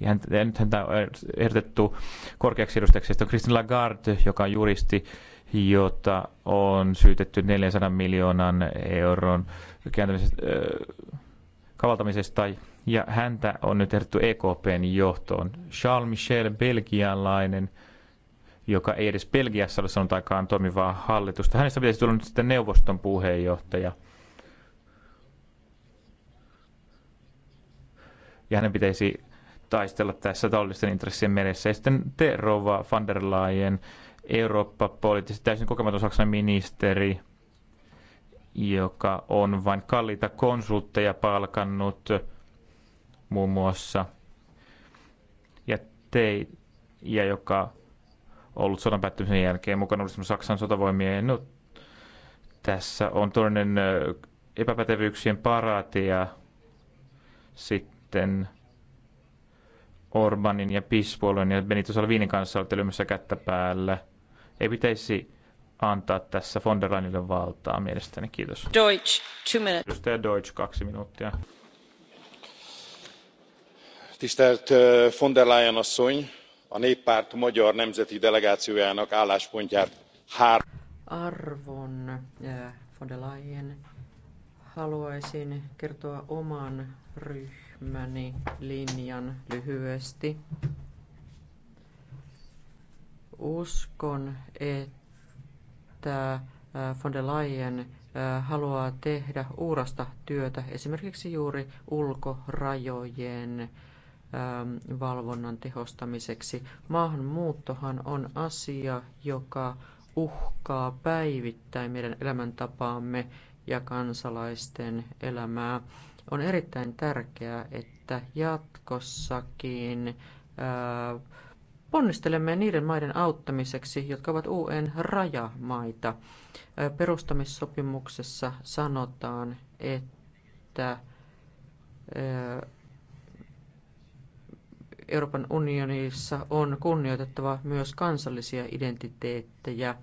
Ja hän, ja nyt häntä on ehdotettu korkeaksi edustajaksi. Sitten on Christine Lagarde, joka on juristi, jota on syytetty 400 miljoonan euron kääntämisestä, äh, kavaltamisesta. Ja häntä on nyt ehdotettu EKPn johtoon. Charles Michel, belgialainen äh, joka ei edes Belgiassa ole saanut aikaan toimivaa hallitusta. Hänestä pitäisi tulla nyt sitten neuvoston puheenjohtaja. Ja hänen pitäisi taistella tässä taloudellisten intressien meressä. Ja sitten te, Rova van der Leyen, Eurooppa-poliittisesti täysin kokematon Saksan ministeri, joka on vain kalliita konsultteja palkannut muun muassa, ja, te, ja joka ollut sodan päättymisen jälkeen mukana Saksan sotavoimien. No, tässä on toinen epäpätevyyksien paraati ja sitten Orbanin ja Pispuolueen ja Benito Salvinin kanssa olette lyömässä kättä päällä. Ei pitäisi antaa tässä von der Leyenille valtaa mielestäni. Kiitos. Deutsch, two minutes. Edustaja Deutsch, kaksi minuuttia. Tisztelt von der Leyen asszony, a néppárt magyar nemzeti delegációjának álláspontját három. Arvon eh, von der Leyen, haluaisin kertoa oman ryhmäni linjan lyhyesti. Uskon, että eh, von der Leyen eh, haluaa tehdä uurasta työtä esimerkiksi juuri ulkorajojen Ähm, valvonnan tehostamiseksi. Maahanmuuttohan on asia, joka uhkaa päivittäin meidän elämäntapaamme ja kansalaisten elämää. On erittäin tärkeää, että jatkossakin ää, äh, ponnistelemme niiden maiden auttamiseksi, jotka ovat UN rajamaita. Äh, perustamissopimuksessa sanotaan, että äh, Euroopan unionissa on kunnioitettava myös kansallisia identiteettejä.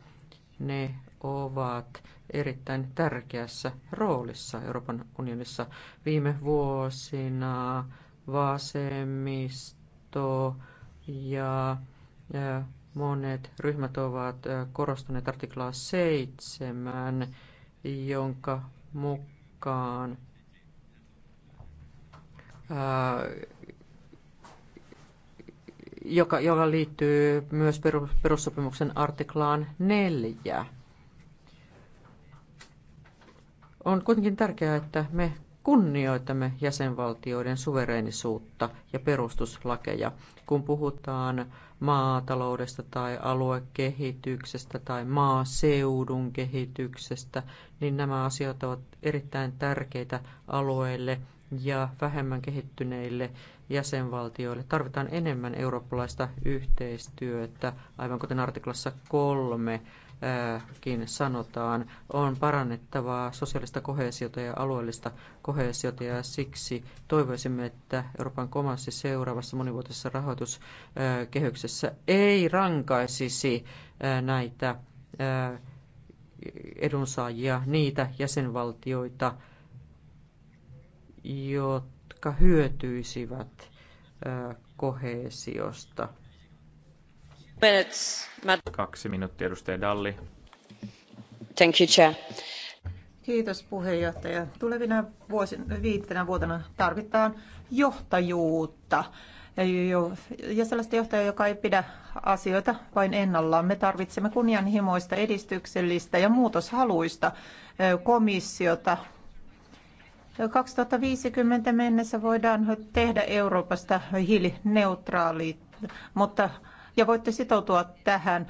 Ne ovat erittäin tärkeässä roolissa Euroopan unionissa. Viime vuosina vasemmisto ja monet ryhmät ovat korostaneet artiklaa 7, jonka mukaan joka, joka liittyy myös perussopimuksen artiklaan 4. On kuitenkin tärkeää, että me kunnioitamme jäsenvaltioiden suvereenisuutta ja perustuslakeja, kun puhutaan maataloudesta tai aluekehityksestä tai maaseudun kehityksestä, niin nämä asiat ovat erittäin tärkeitä alueille ja vähemmän kehittyneille jäsenvaltioille. Tarvitaan enemmän eurooppalaista yhteistyötä, aivan kuten artiklassa kolme kin sanotaan, on parannettavaa sosiaalista kohesiota ja alueellista kohesiota ja siksi toivoisimme, että Euroopan komassa seuraavassa monivuotisessa rahoituskehyksessä ei rankaisisi näitä edunsaajia, niitä jäsenvaltioita, jotka jotka hyötyisivät kohesiosta. Kaksi minuuttia, edustaja Dalli. Thank you, Chair. Kiitos puheenjohtaja. Tulevina vuosina, viitenä vuotena tarvitaan johtajuutta ja sellaista johtajaa, joka ei pidä asioita vain ennallaan. Me tarvitsemme kunnianhimoista, edistyksellistä ja muutoshaluista komissiota, 2050 mennessä voidaan tehdä Euroopasta hiilineutraali, mutta ja voitte sitoutua tähän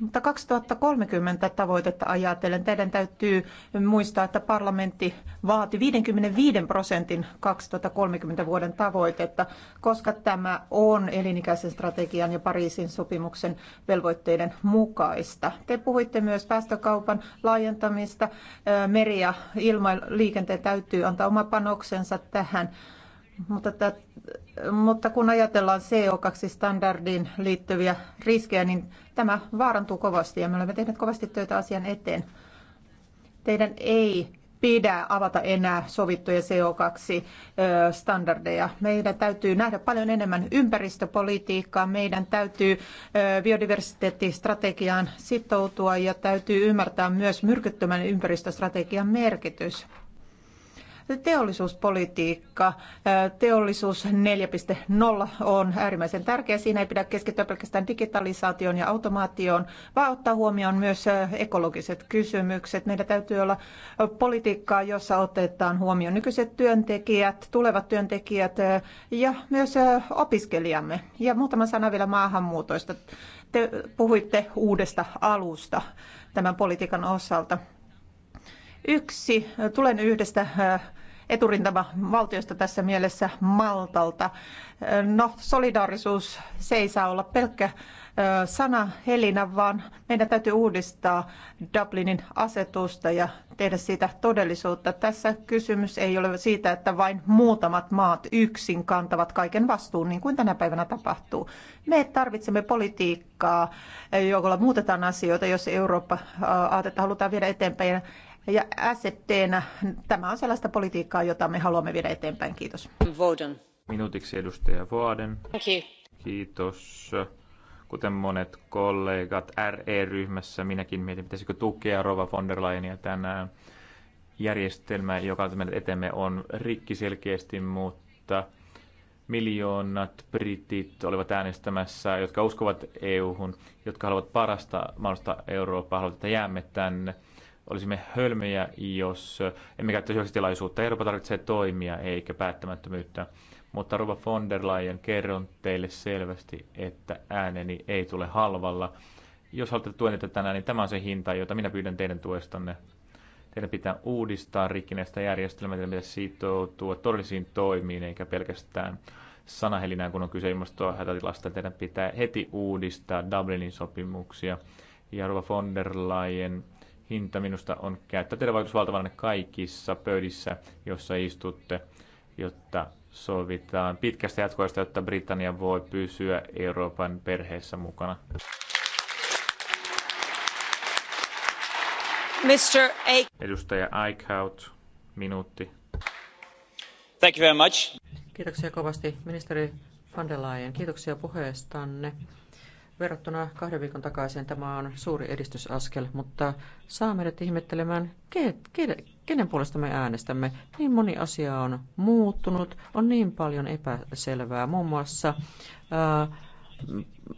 mutta 2030 tavoitetta ajatellen teidän täytyy muistaa, että parlamentti vaati 55 prosentin 2030 vuoden tavoitetta, koska tämä on elinikäisen strategian ja Pariisin sopimuksen velvoitteiden mukaista. Te puhuitte myös päästökaupan laajentamista. Meri- ja ilmaliikenteen täytyy antaa oma panoksensa tähän mutta, tät, mutta kun ajatellaan CO2-standardiin liittyviä riskejä, niin tämä vaarantuu kovasti ja me olemme tehneet kovasti töitä asian eteen. Teidän ei pidä avata enää sovittuja CO2-standardeja. Meidän täytyy nähdä paljon enemmän ympäristöpolitiikkaa, meidän täytyy biodiversiteettistrategiaan sitoutua ja täytyy ymmärtää myös myrkyttömän ympäristöstrategian merkitys. Teollisuuspolitiikka, teollisuus 4.0 on äärimmäisen tärkeä. Siinä ei pidä keskittyä pelkästään digitalisaatioon ja automaatioon, vaan ottaa huomioon myös ekologiset kysymykset. Meillä täytyy olla politiikkaa, jossa otetaan huomioon nykyiset työntekijät, tulevat työntekijät ja myös opiskelijamme. Ja muutama sana vielä maahanmuutoista. Te puhuitte uudesta alusta tämän politiikan osalta. Yksi, tulen yhdestä eturintama valtiosta tässä mielessä Maltalta. No, solidaarisuus se ei saa olla pelkkä sana helinä, vaan meidän täytyy uudistaa Dublinin asetusta ja tehdä siitä todellisuutta. Tässä kysymys ei ole siitä, että vain muutamat maat yksin kantavat kaiken vastuun, niin kuin tänä päivänä tapahtuu. Me tarvitsemme politiikkaa, jolla muutetaan asioita, jos Eurooppa-aatetta halutaan viedä eteenpäin. Ja SFTnä tämä on sellaista politiikkaa, jota me haluamme viedä eteenpäin. Kiitos. Voden. Minuutiksi edustaja Voaden. Kiitos. Kuten monet kollegat RE-ryhmässä, minäkin mietin, pitäisikö tukea Rova von der Leyenia tänään. Järjestelmä, joka on meidän etemme, on rikki selkeästi, mutta miljoonat britit olivat äänestämässä, jotka uskovat EU-hun, jotka haluavat parasta mahdollista Eurooppaa, haluavat, että jäämme tänne olisimme hölmöjä, jos emme käyttäisi jokaisen tilaisuutta. Euroopan tarvitsee toimia eikä päättämättömyyttä. Mutta Ruva von der Leyen, kerron teille selvästi, että ääneni ei tule halvalla. Jos haluatte tuenita tänään, niin tämä on se hinta, jota minä pyydän teidän tuestanne. Teidän pitää uudistaa rikkinäistä järjestelmää, teidän pitää sitoutua todellisiin toimiin, eikä pelkästään sanahelinään, kun on kyse ilmastoa hätätilasta. Teidän pitää heti uudistaa Dublinin sopimuksia. Ja Ruva von der Leyen, hinta minusta on käyttää teidän vaikutusvaltavanne kaikissa pöydissä, jossa istutte, jotta sovitaan pitkästä jatkoista, jotta Britannia voi pysyä Euroopan perheessä mukana. Mr. Aik- Edustaja Eichhout, minuutti. Thank you very much. Kiitoksia kovasti ministeri van der Leyen. Kiitoksia puheestanne. Verrattuna kahden viikon takaiseen tämä on suuri edistysaskel, mutta saa meidät ihmettelemään, ke, ke, kenen puolesta me äänestämme. Niin moni asia on muuttunut, on niin paljon epäselvää, muun muassa ää,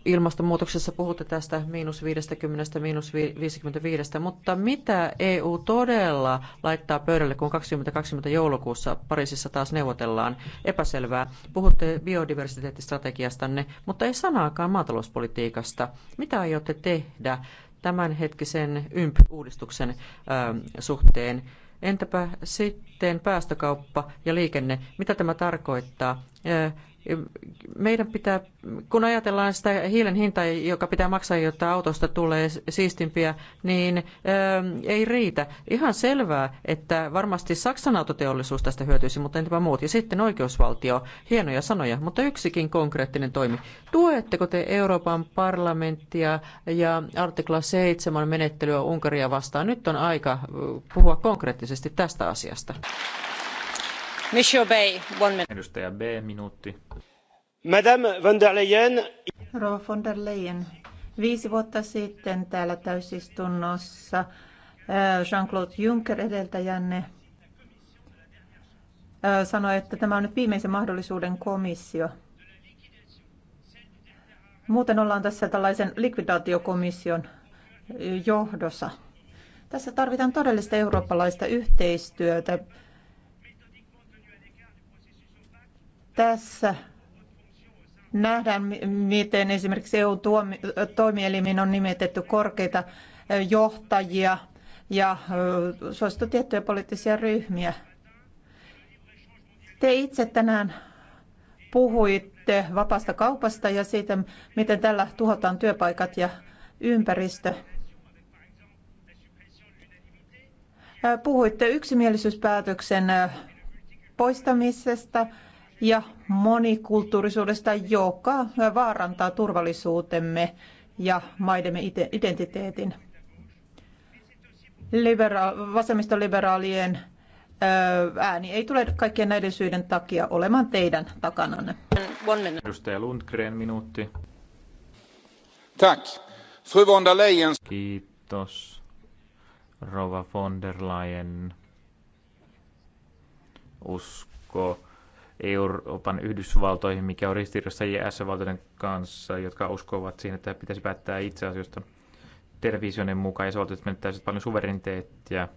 ilmastonmuutoksessa puhutte tästä miinus 50, miinus 55, mutta mitä EU todella laittaa pöydälle, kun 2020 joulukuussa Pariisissa taas neuvotellaan? Epäselvää. Puhutte biodiversiteettistrategiastanne, mutta ei sanaakaan maatalouspolitiikasta. Mitä aiotte tehdä tämänhetkisen YMP-uudistuksen suhteen? Entäpä sitten päästökauppa ja liikenne? Mitä tämä tarkoittaa? meidän pitää, kun ajatellaan sitä hiilen hintaa, joka pitää maksaa, jotta autosta tulee siistimpiä, niin ei riitä. Ihan selvää, että varmasti Saksan autoteollisuus tästä hyötyisi, mutta entäpä muut. Ja sitten oikeusvaltio, hienoja sanoja, mutta yksikin konkreettinen toimi. Tuetteko te Euroopan parlamenttia ja artikla 7 menettelyä Unkaria vastaan? Nyt on aika puhua konkreettisesti tästä asiasta. Edustaja B, minuutti. Madame der Leyen. Rouva von der Leyen, viisi vuotta sitten täällä täysistunnossa äh, Jean-Claude Juncker edeltäjänne äh, sanoi, että tämä on nyt viimeisen mahdollisuuden komissio. Muuten ollaan tässä tällaisen likvidaatiokomission johdossa. Tässä tarvitaan todellista eurooppalaista yhteistyötä Tässä nähdään, miten esimerkiksi EU-toimielimin on nimetetty korkeita johtajia ja suosittu tiettyjä poliittisia ryhmiä. Te itse tänään puhuitte vapaasta kaupasta ja siitä, miten tällä tuhotaan työpaikat ja ympäristö. Puhuitte yksimielisyyspäätöksen poistamisesta ja monikulttuurisuudesta, joka vaarantaa turvallisuutemme ja maidemme identiteetin. Libera- vasemmistoliberaalien ääni ei tule kaikkien näiden syiden takia olemaan teidän takananne. Edustaja Lundgren, minuutti. Tack. Fru von der Leyen. Kiitos. Rova von der Leyen. Usko Euroopan Yhdysvaltoihin, mikä on ristiriidassa jäsenvaltioiden kanssa, jotka uskovat siihen, että pitäisi päättää itse asioista Televisionen mukaan. Jäsenvaltiot menettäisivät siis paljon suvereniteettia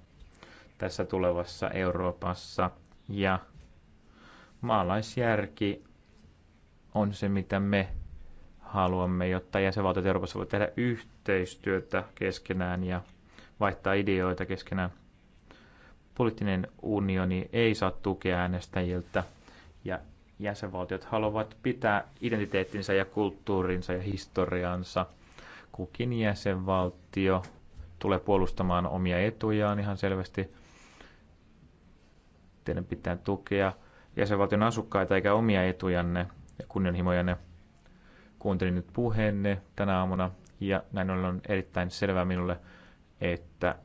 tässä tulevassa Euroopassa. Ja maalaisjärki on se, mitä me haluamme, jotta jäsenvaltiot Euroopassa voi tehdä yhteistyötä keskenään ja vaihtaa ideoita keskenään. Poliittinen unioni ei saa tukea äänestäjiltä ja jäsenvaltiot haluavat pitää identiteettinsä ja kulttuurinsa ja historiansa. Kukin jäsenvaltio tulee puolustamaan omia etujaan ihan selvästi. Teidän pitää tukea jäsenvaltion asukkaita eikä omia etujanne ja kunnianhimojanne. Kuuntelin nyt puheenne tänä aamuna ja näin ollen on erittäin selvää minulle, että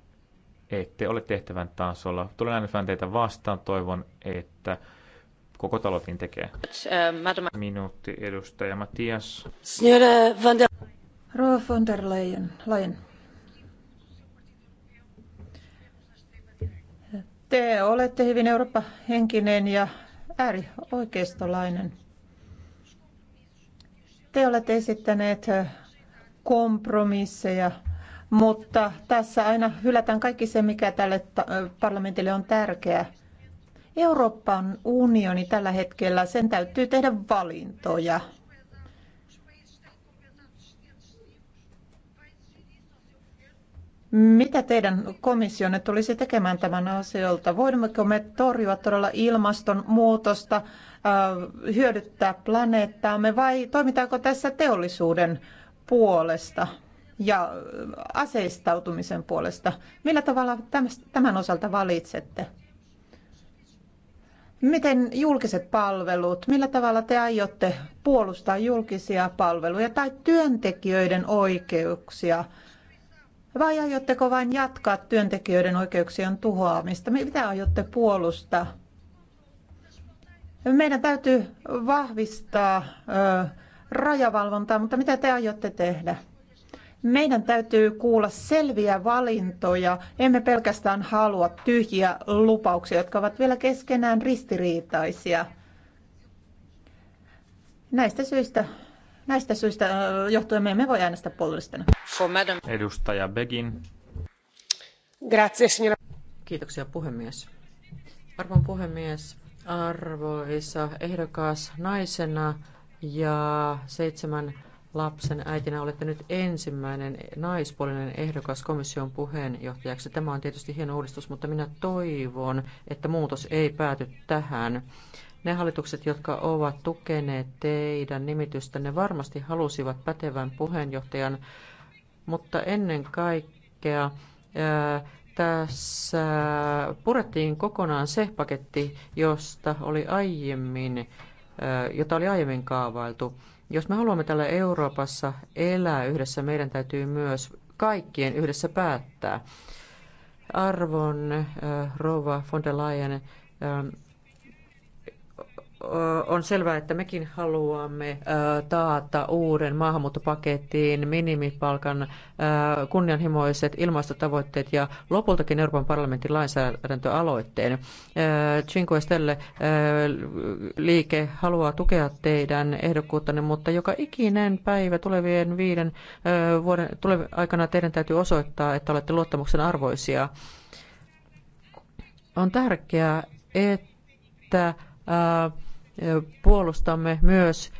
ette ole tehtävän tasolla. Tulen äänestämään teitä vastaan. Toivon, että koko talokin tekee. Minuutti edustaja Matias. Rova von der Leyen. Leyen. Te olette hyvin Eurooppa-henkinen ja äärioikeistolainen. Te olette esittäneet kompromisseja, mutta tässä aina hylätään kaikki se, mikä tälle parlamentille on tärkeää. Euroopan unioni tällä hetkellä, sen täytyy tehdä valintoja. Mitä teidän komissionne tulisi tekemään tämän asialta? Voimmeko me torjua todella ilmastonmuutosta, äh, hyödyttää planeettaamme vai toimitaanko tässä teollisuuden puolesta ja aseistautumisen puolesta? Millä tavalla tämän osalta valitsette? Miten julkiset palvelut, millä tavalla te aiotte puolustaa julkisia palveluja tai työntekijöiden oikeuksia? Vai aiotteko vain jatkaa työntekijöiden oikeuksien tuhoamista? Mitä aiotte puolustaa? Meidän täytyy vahvistaa rajavalvontaa, mutta mitä te aiotte tehdä? Meidän täytyy kuulla selviä valintoja, emme pelkästään halua tyhjiä lupauksia, jotka ovat vielä keskenään ristiriitaisia. Näistä syistä, näistä syistä johtuen me emme voi äänestää puolesta. Edustaja Begin. Grazie, signora. Kiitoksia puhemies. Arvon puhemies, arvoisa ehdokas naisena ja seitsemän lapsen äitinä olette nyt ensimmäinen naispuolinen ehdokas komission puheenjohtajaksi. Tämä on tietysti hieno uudistus, mutta minä toivon, että muutos ei pääty tähän. Ne hallitukset, jotka ovat tukeneet teidän nimitystänne, varmasti halusivat pätevän puheenjohtajan, mutta ennen kaikkea ää, tässä purettiin kokonaan se paketti, josta oli aiemmin, ää, jota oli aiemmin kaavailtu jos me haluamme täällä Euroopassa elää yhdessä, meidän täytyy myös kaikkien yhdessä päättää. Arvon, äh, Rova von der Leyen, ähm, on selvää, että mekin haluamme taata uuden maahanmuuttopakettiin minimipalkan kunnianhimoiset ilmastotavoitteet ja lopultakin Euroopan parlamentin lainsäädäntöaloitteen. Cinco estelle liike haluaa tukea teidän ehdokkuuttanne, mutta joka ikinen päivä tulevien viiden vuoden aikana teidän täytyy osoittaa, että olette luottamuksen arvoisia. On tärkeää, että Uh, puolustamme myös,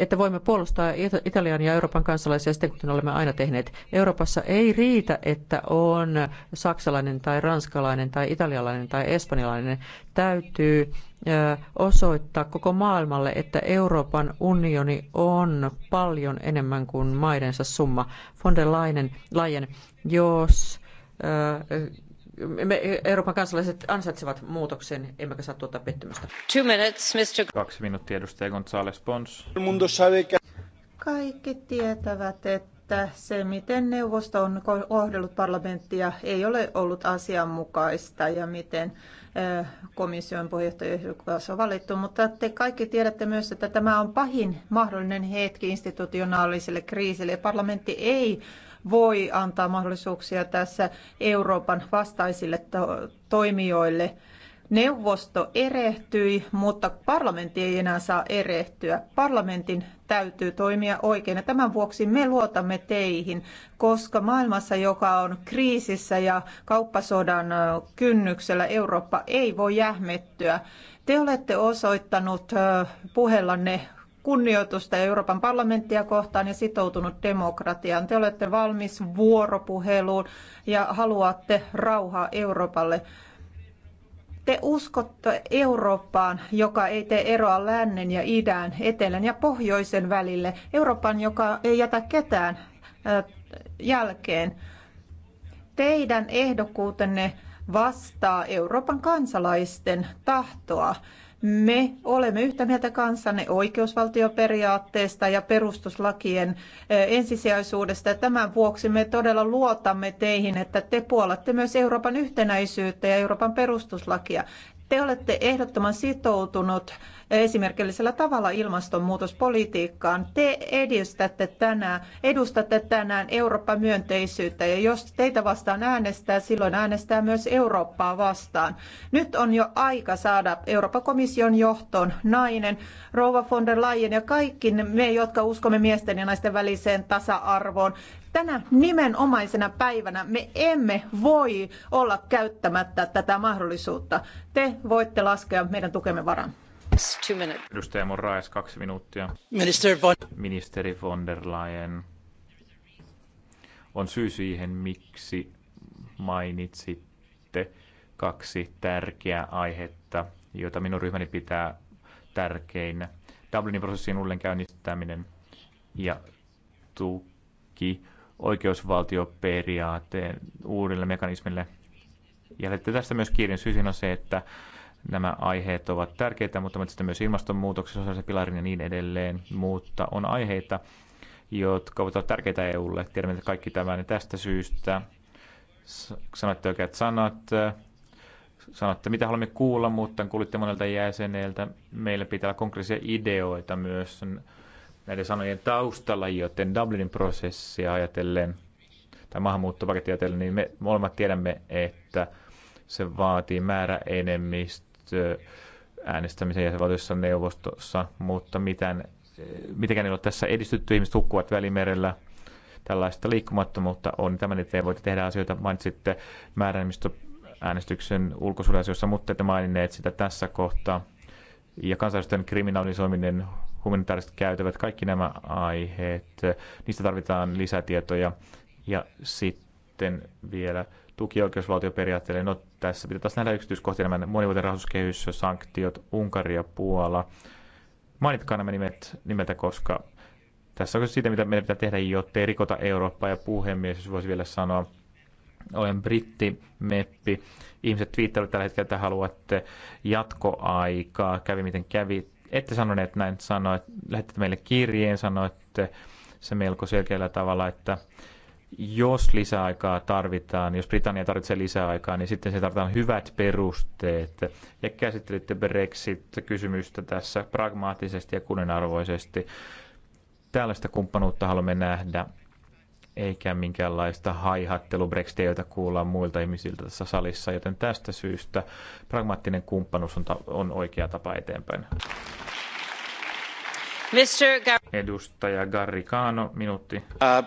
että voimme puolustaa Italian ja Euroopan kansalaisia sitten, kuten olemme aina tehneet. Euroopassa ei riitä, että on saksalainen tai ranskalainen tai italialainen tai espanjalainen. Täytyy osoittaa koko maailmalle, että Euroopan unioni on paljon enemmän kuin maidensa summa. Von der Leyen jos me Euroopan kansalaiset ansaitsevat muutoksen, emmekä saa tuottaa pettymystä. Two minutes, Mr. Kaksi minuuttia, edustaja González Pons. Kaikki tietävät, että se, miten neuvosto on kohdellut parlamenttia, ei ole ollut asianmukaista ja miten komission puheenjohtajaehdokas on valittu, mutta te kaikki tiedätte myös, että tämä on pahin mahdollinen hetki institutionaaliselle kriisille. Parlamentti ei voi antaa mahdollisuuksia tässä Euroopan vastaisille to- toimijoille. Neuvosto erehtyi, mutta parlamentti ei enää saa erehtyä. Parlamentin täytyy toimia oikein ja tämän vuoksi me luotamme teihin, koska maailmassa, joka on kriisissä ja kauppasodan kynnyksellä, Eurooppa ei voi jähmettyä. Te olette osoittanut puheellanne kunnioitusta Euroopan parlamenttia kohtaan ja sitoutunut demokratiaan. Te olette valmis vuoropuheluun ja haluatte rauhaa Euroopalle. Te uskotte Eurooppaan, joka ei tee eroa lännen ja idän, etelän ja pohjoisen välille. Euroopan, joka ei jätä ketään jälkeen. Teidän ehdokkuutenne vastaa Euroopan kansalaisten tahtoa. Me olemme yhtä mieltä kanssanne oikeusvaltioperiaatteesta ja perustuslakien ensisijaisuudesta. Tämän vuoksi me todella luotamme teihin, että te puolatte myös Euroopan yhtenäisyyttä ja Euroopan perustuslakia. Te olette ehdottoman sitoutunut esimerkillisellä tavalla ilmastonmuutospolitiikkaan. Te edistätte tänään, edustatte tänään Eurooppa-myönteisyyttä ja jos teitä vastaan äänestää, silloin äänestää myös Eurooppaa vastaan. Nyt on jo aika saada Euroopan komission johtoon nainen, rouva von der Leyen ja kaikki me, jotka uskomme miesten ja naisten väliseen tasa-arvoon, Tänä nimenomaisena päivänä me emme voi olla käyttämättä tätä mahdollisuutta. Te voitte laskea meidän tukemme varan. Edustaja Moraes, kaksi minuuttia. Minister von... Ministeri von der Leyen. On syy siihen, miksi mainitsitte kaksi tärkeää aihetta, joita minun ryhmäni pitää tärkeinä. Dublinin prosessin uudelleen käynnistäminen ja tuki oikeusvaltioperiaatteen uudelle mekanismille. Ja tästä myös kiirin syysin on se, että nämä aiheet ovat tärkeitä, mutta sitten myös ilmastonmuutoksen, sosiaalisen pilarin ja niin edelleen. Mutta on aiheita, jotka ovat tärkeitä EUlle. Tiedämme, että kaikki tämä niin tästä syystä sanoitte oikeat sanat, sanoitte mitä haluamme kuulla, mutta kuulitte monelta jäseneltä. Meillä pitää olla konkreettisia ideoita myös näiden sanojen taustalla, joten Dublinin prosessia ajatellen tai maahanmuuttopaketti ajatellen, niin me molemmat tiedämme, että se vaatii määrä enemmistö äänestämisen jäsenvaltiossa neuvostossa, mutta mitään, mitenkään ei ole tässä edistytty. Ihmiset hukkuvat välimerellä. Tällaista liikkumattomuutta on. Tämän eteen voitte tehdä asioita. Mainitsitte määräenemmistö äänestyksen ulkosuudenasioissa, mutta ette maininneet sitä tässä kohtaa. Ja kansallisten kriminalisoiminen humanitaariset käytävät, kaikki nämä aiheet, niistä tarvitaan lisätietoja. Ja sitten vielä tukioikeusvaltioperiaatteelle. No tässä pitää taas nähdä yksityiskohtia nämä monivuotinen rahoituskehys, sanktiot, Unkari ja Puola. Mainitkaa nämä nimet, nimeltä, koska tässä on siitä, mitä meidän pitää tehdä, ei rikota Eurooppaa ja puhemies, jos voisi vielä sanoa. Olen britti, meppi. Ihmiset twiittävät tällä hetkellä, että haluatte jatkoaikaa. Kävi miten kävi ette sanoneet näin, sanoit, lähetitte meille kirjeen, sanoitte se melko selkeällä tavalla, että jos lisäaikaa tarvitaan, jos Britannia tarvitsee lisäaikaa, niin sitten se tarvitaan hyvät perusteet. Ja käsittelitte Brexit-kysymystä tässä pragmaattisesti ja kunnianarvoisesti. Tällaista kumppanuutta haluamme nähdä eikä minkäänlaista haihattelu Brexitia, kuulla muilta ihmisiltä tässä salissa, joten tästä syystä pragmaattinen kumppanuus on, ta- on oikea tapa eteenpäin. Mr. Gar- Edustaja Garricano, minuutti. Uh,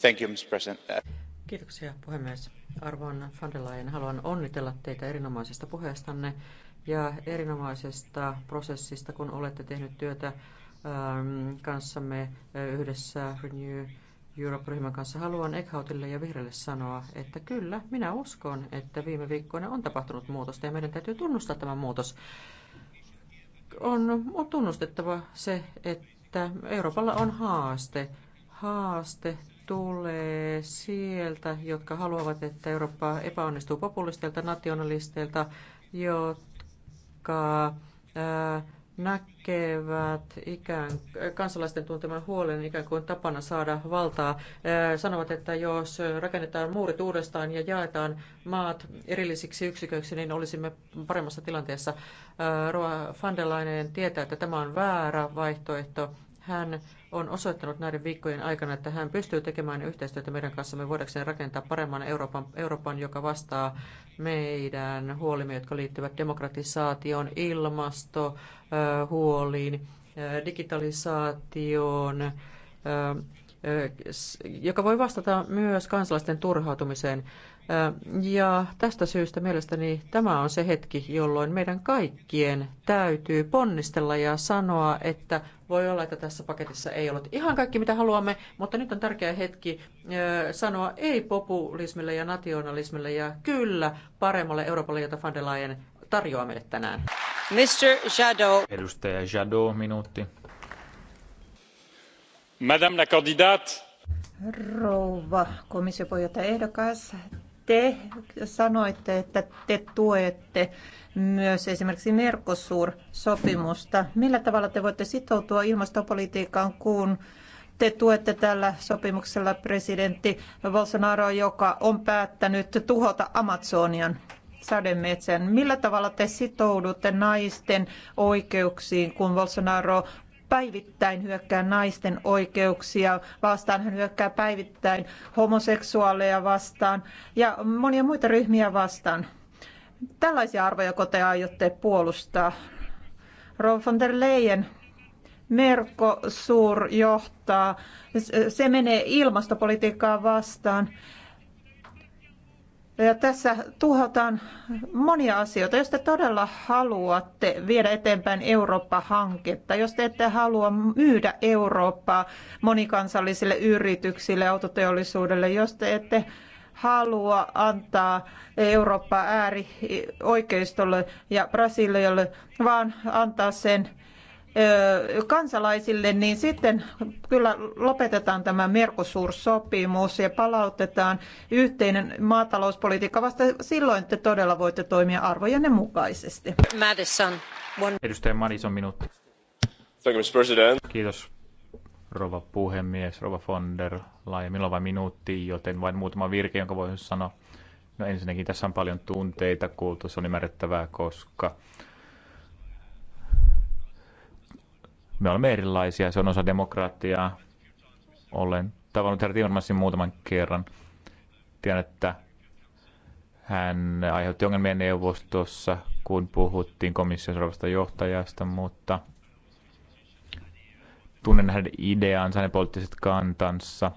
thank you, Mr. President. Uh- Kiitoksia puhemies. Arvon van der Leyen, haluan onnitella teitä erinomaisesta puheestanne ja erinomaisesta prosessista, kun olette tehnyt työtä ähm, kanssamme yhdessä Renew Eurooppa-ryhmän kanssa, haluan Eckhoutille ja Vihreille sanoa, että kyllä, minä uskon, että viime viikkoina on tapahtunut muutosta ja meidän täytyy tunnustaa tämä muutos. On, on tunnustettava se, että Euroopalla on haaste. Haaste tulee sieltä, jotka haluavat, että Eurooppa epäonnistuu populisteilta, nationalisteilta, jotka ää, näkevät ikään, kansalaisten tunteman huolen ikään kuin tapana saada valtaa. Sanovat, että jos rakennetaan muurit uudestaan ja jaetaan maat erillisiksi yksiköiksi, niin olisimme paremmassa tilanteessa. Roa van der Leinen tietää, että tämä on väärä vaihtoehto. Hän on osoittanut näiden viikkojen aikana, että hän pystyy tekemään yhteistyötä meidän kanssamme voidakseen rakentaa paremman Euroopan, Euroopan joka vastaa meidän huolimme, jotka liittyvät demokratisaatioon, ilmastohuoliin, digitalisaatioon, joka voi vastata myös kansalaisten turhautumiseen. Ja tästä syystä mielestäni tämä on se hetki, jolloin meidän kaikkien täytyy ponnistella ja sanoa, että voi olla, että tässä paketissa ei ollut ihan kaikki, mitä haluamme, mutta nyt on tärkeä hetki sanoa ei populismille ja nationalismille ja kyllä paremmalle Euroopalle, jota van der Leyen tarjoaa meille tänään. Mr. Jadot. Edustaja Jadot, minuutti. Madame la Rouva komissiopuheenjohtaja ehdokas, te sanoitte, että te tuette myös esimerkiksi Mercosur-sopimusta. Millä tavalla te voitte sitoutua ilmastopolitiikkaan, kun te tuette tällä sopimuksella presidentti Bolsonaro, joka on päättänyt tuhota Amazonian sademetsän. Millä tavalla te sitoudutte naisten oikeuksiin, kun Bolsonaro päivittäin hyökkää naisten oikeuksia vastaan, hän hyökkää päivittäin homoseksuaaleja vastaan ja monia muita ryhmiä vastaan. Tällaisia arvoja te aiotte puolustaa. Ron von der Leyen, Merkosuur johtaa, se menee ilmastopolitiikkaa vastaan ja tässä tuhotaan monia asioita. Jos te todella haluatte viedä eteenpäin Eurooppa-hanketta, jos te ette halua myydä Eurooppaa monikansallisille yrityksille, autoteollisuudelle, jos te ette halua antaa Eurooppaa äärioikeistolle ja Brasilialle, vaan antaa sen kansalaisille, niin sitten kyllä lopetetaan tämä Mercosur-sopimus ja palautetaan yhteinen maatalouspolitiikka. Vasta silloin te todella voitte toimia arvojenne mukaisesti. Madison. One... Edustaja Madison, minuutti. Thank you, Mr. President. Kiitos, rouva puhemies, rouva von der Leyen. Milloin vain minuutti, joten vain muutama virke, jonka voisin sanoa. No ensinnäkin tässä on paljon tunteita kuultu, se on ymmärrettävää, koska Me olemme erilaisia, se on osa demokratiaa. Olen tavannut herra Timmermansin muutaman kerran. Tiedän, että hän aiheutti ongelmia neuvostossa, kun puhuttiin komission seuraavasta johtajasta, mutta tunnen hänen ideansa, hänen poliittiset kantansa.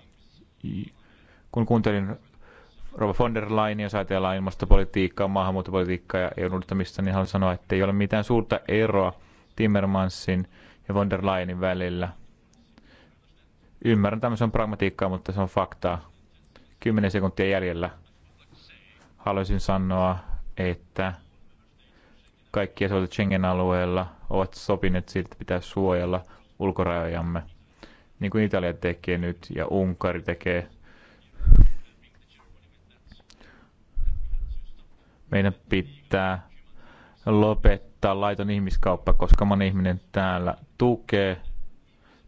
Kun kuuntelin Rova von der Leyen, jos ajatellaan ilmastopolitiikkaa, maahanmuuttopolitiikkaa ja eu niin haluan sanoa, että ei ole mitään suurta eroa Timmermansin ja von der Leyenin välillä. Ymmärrän tämmöisen pragmatiikkaa, mutta se on faktaa. 10 sekuntia jäljellä haluaisin sanoa, että kaikki asioita Schengen-alueella ovat sopineet siitä, että pitää suojella ulkorajojamme. Niin kuin Italia tekee nyt ja Unkari tekee. Meidän pitää lopettaa laiton ihmiskauppa, koska moni ihminen täällä tukee,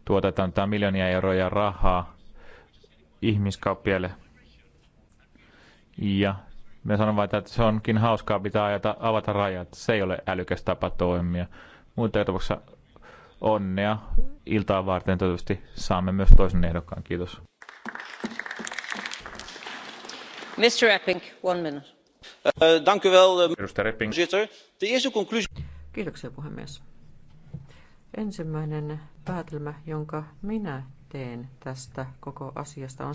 tuota tämä miljoonia euroja rahaa ihmiskauppialle. Ja me sanon vain, että se onkin hauskaa pitää ajata, avata rajat. Se ei ole älykäs tapa toimia. Muuten tapauksessa onnea iltaa varten toivottavasti saamme myös toisen ehdokkaan. Kiitos. Mr. Epping, one minute Eh, eh, Kiitoksia puhemies. Ensimmäinen päätelmä, jonka minä teen tästä koko asiasta, on se,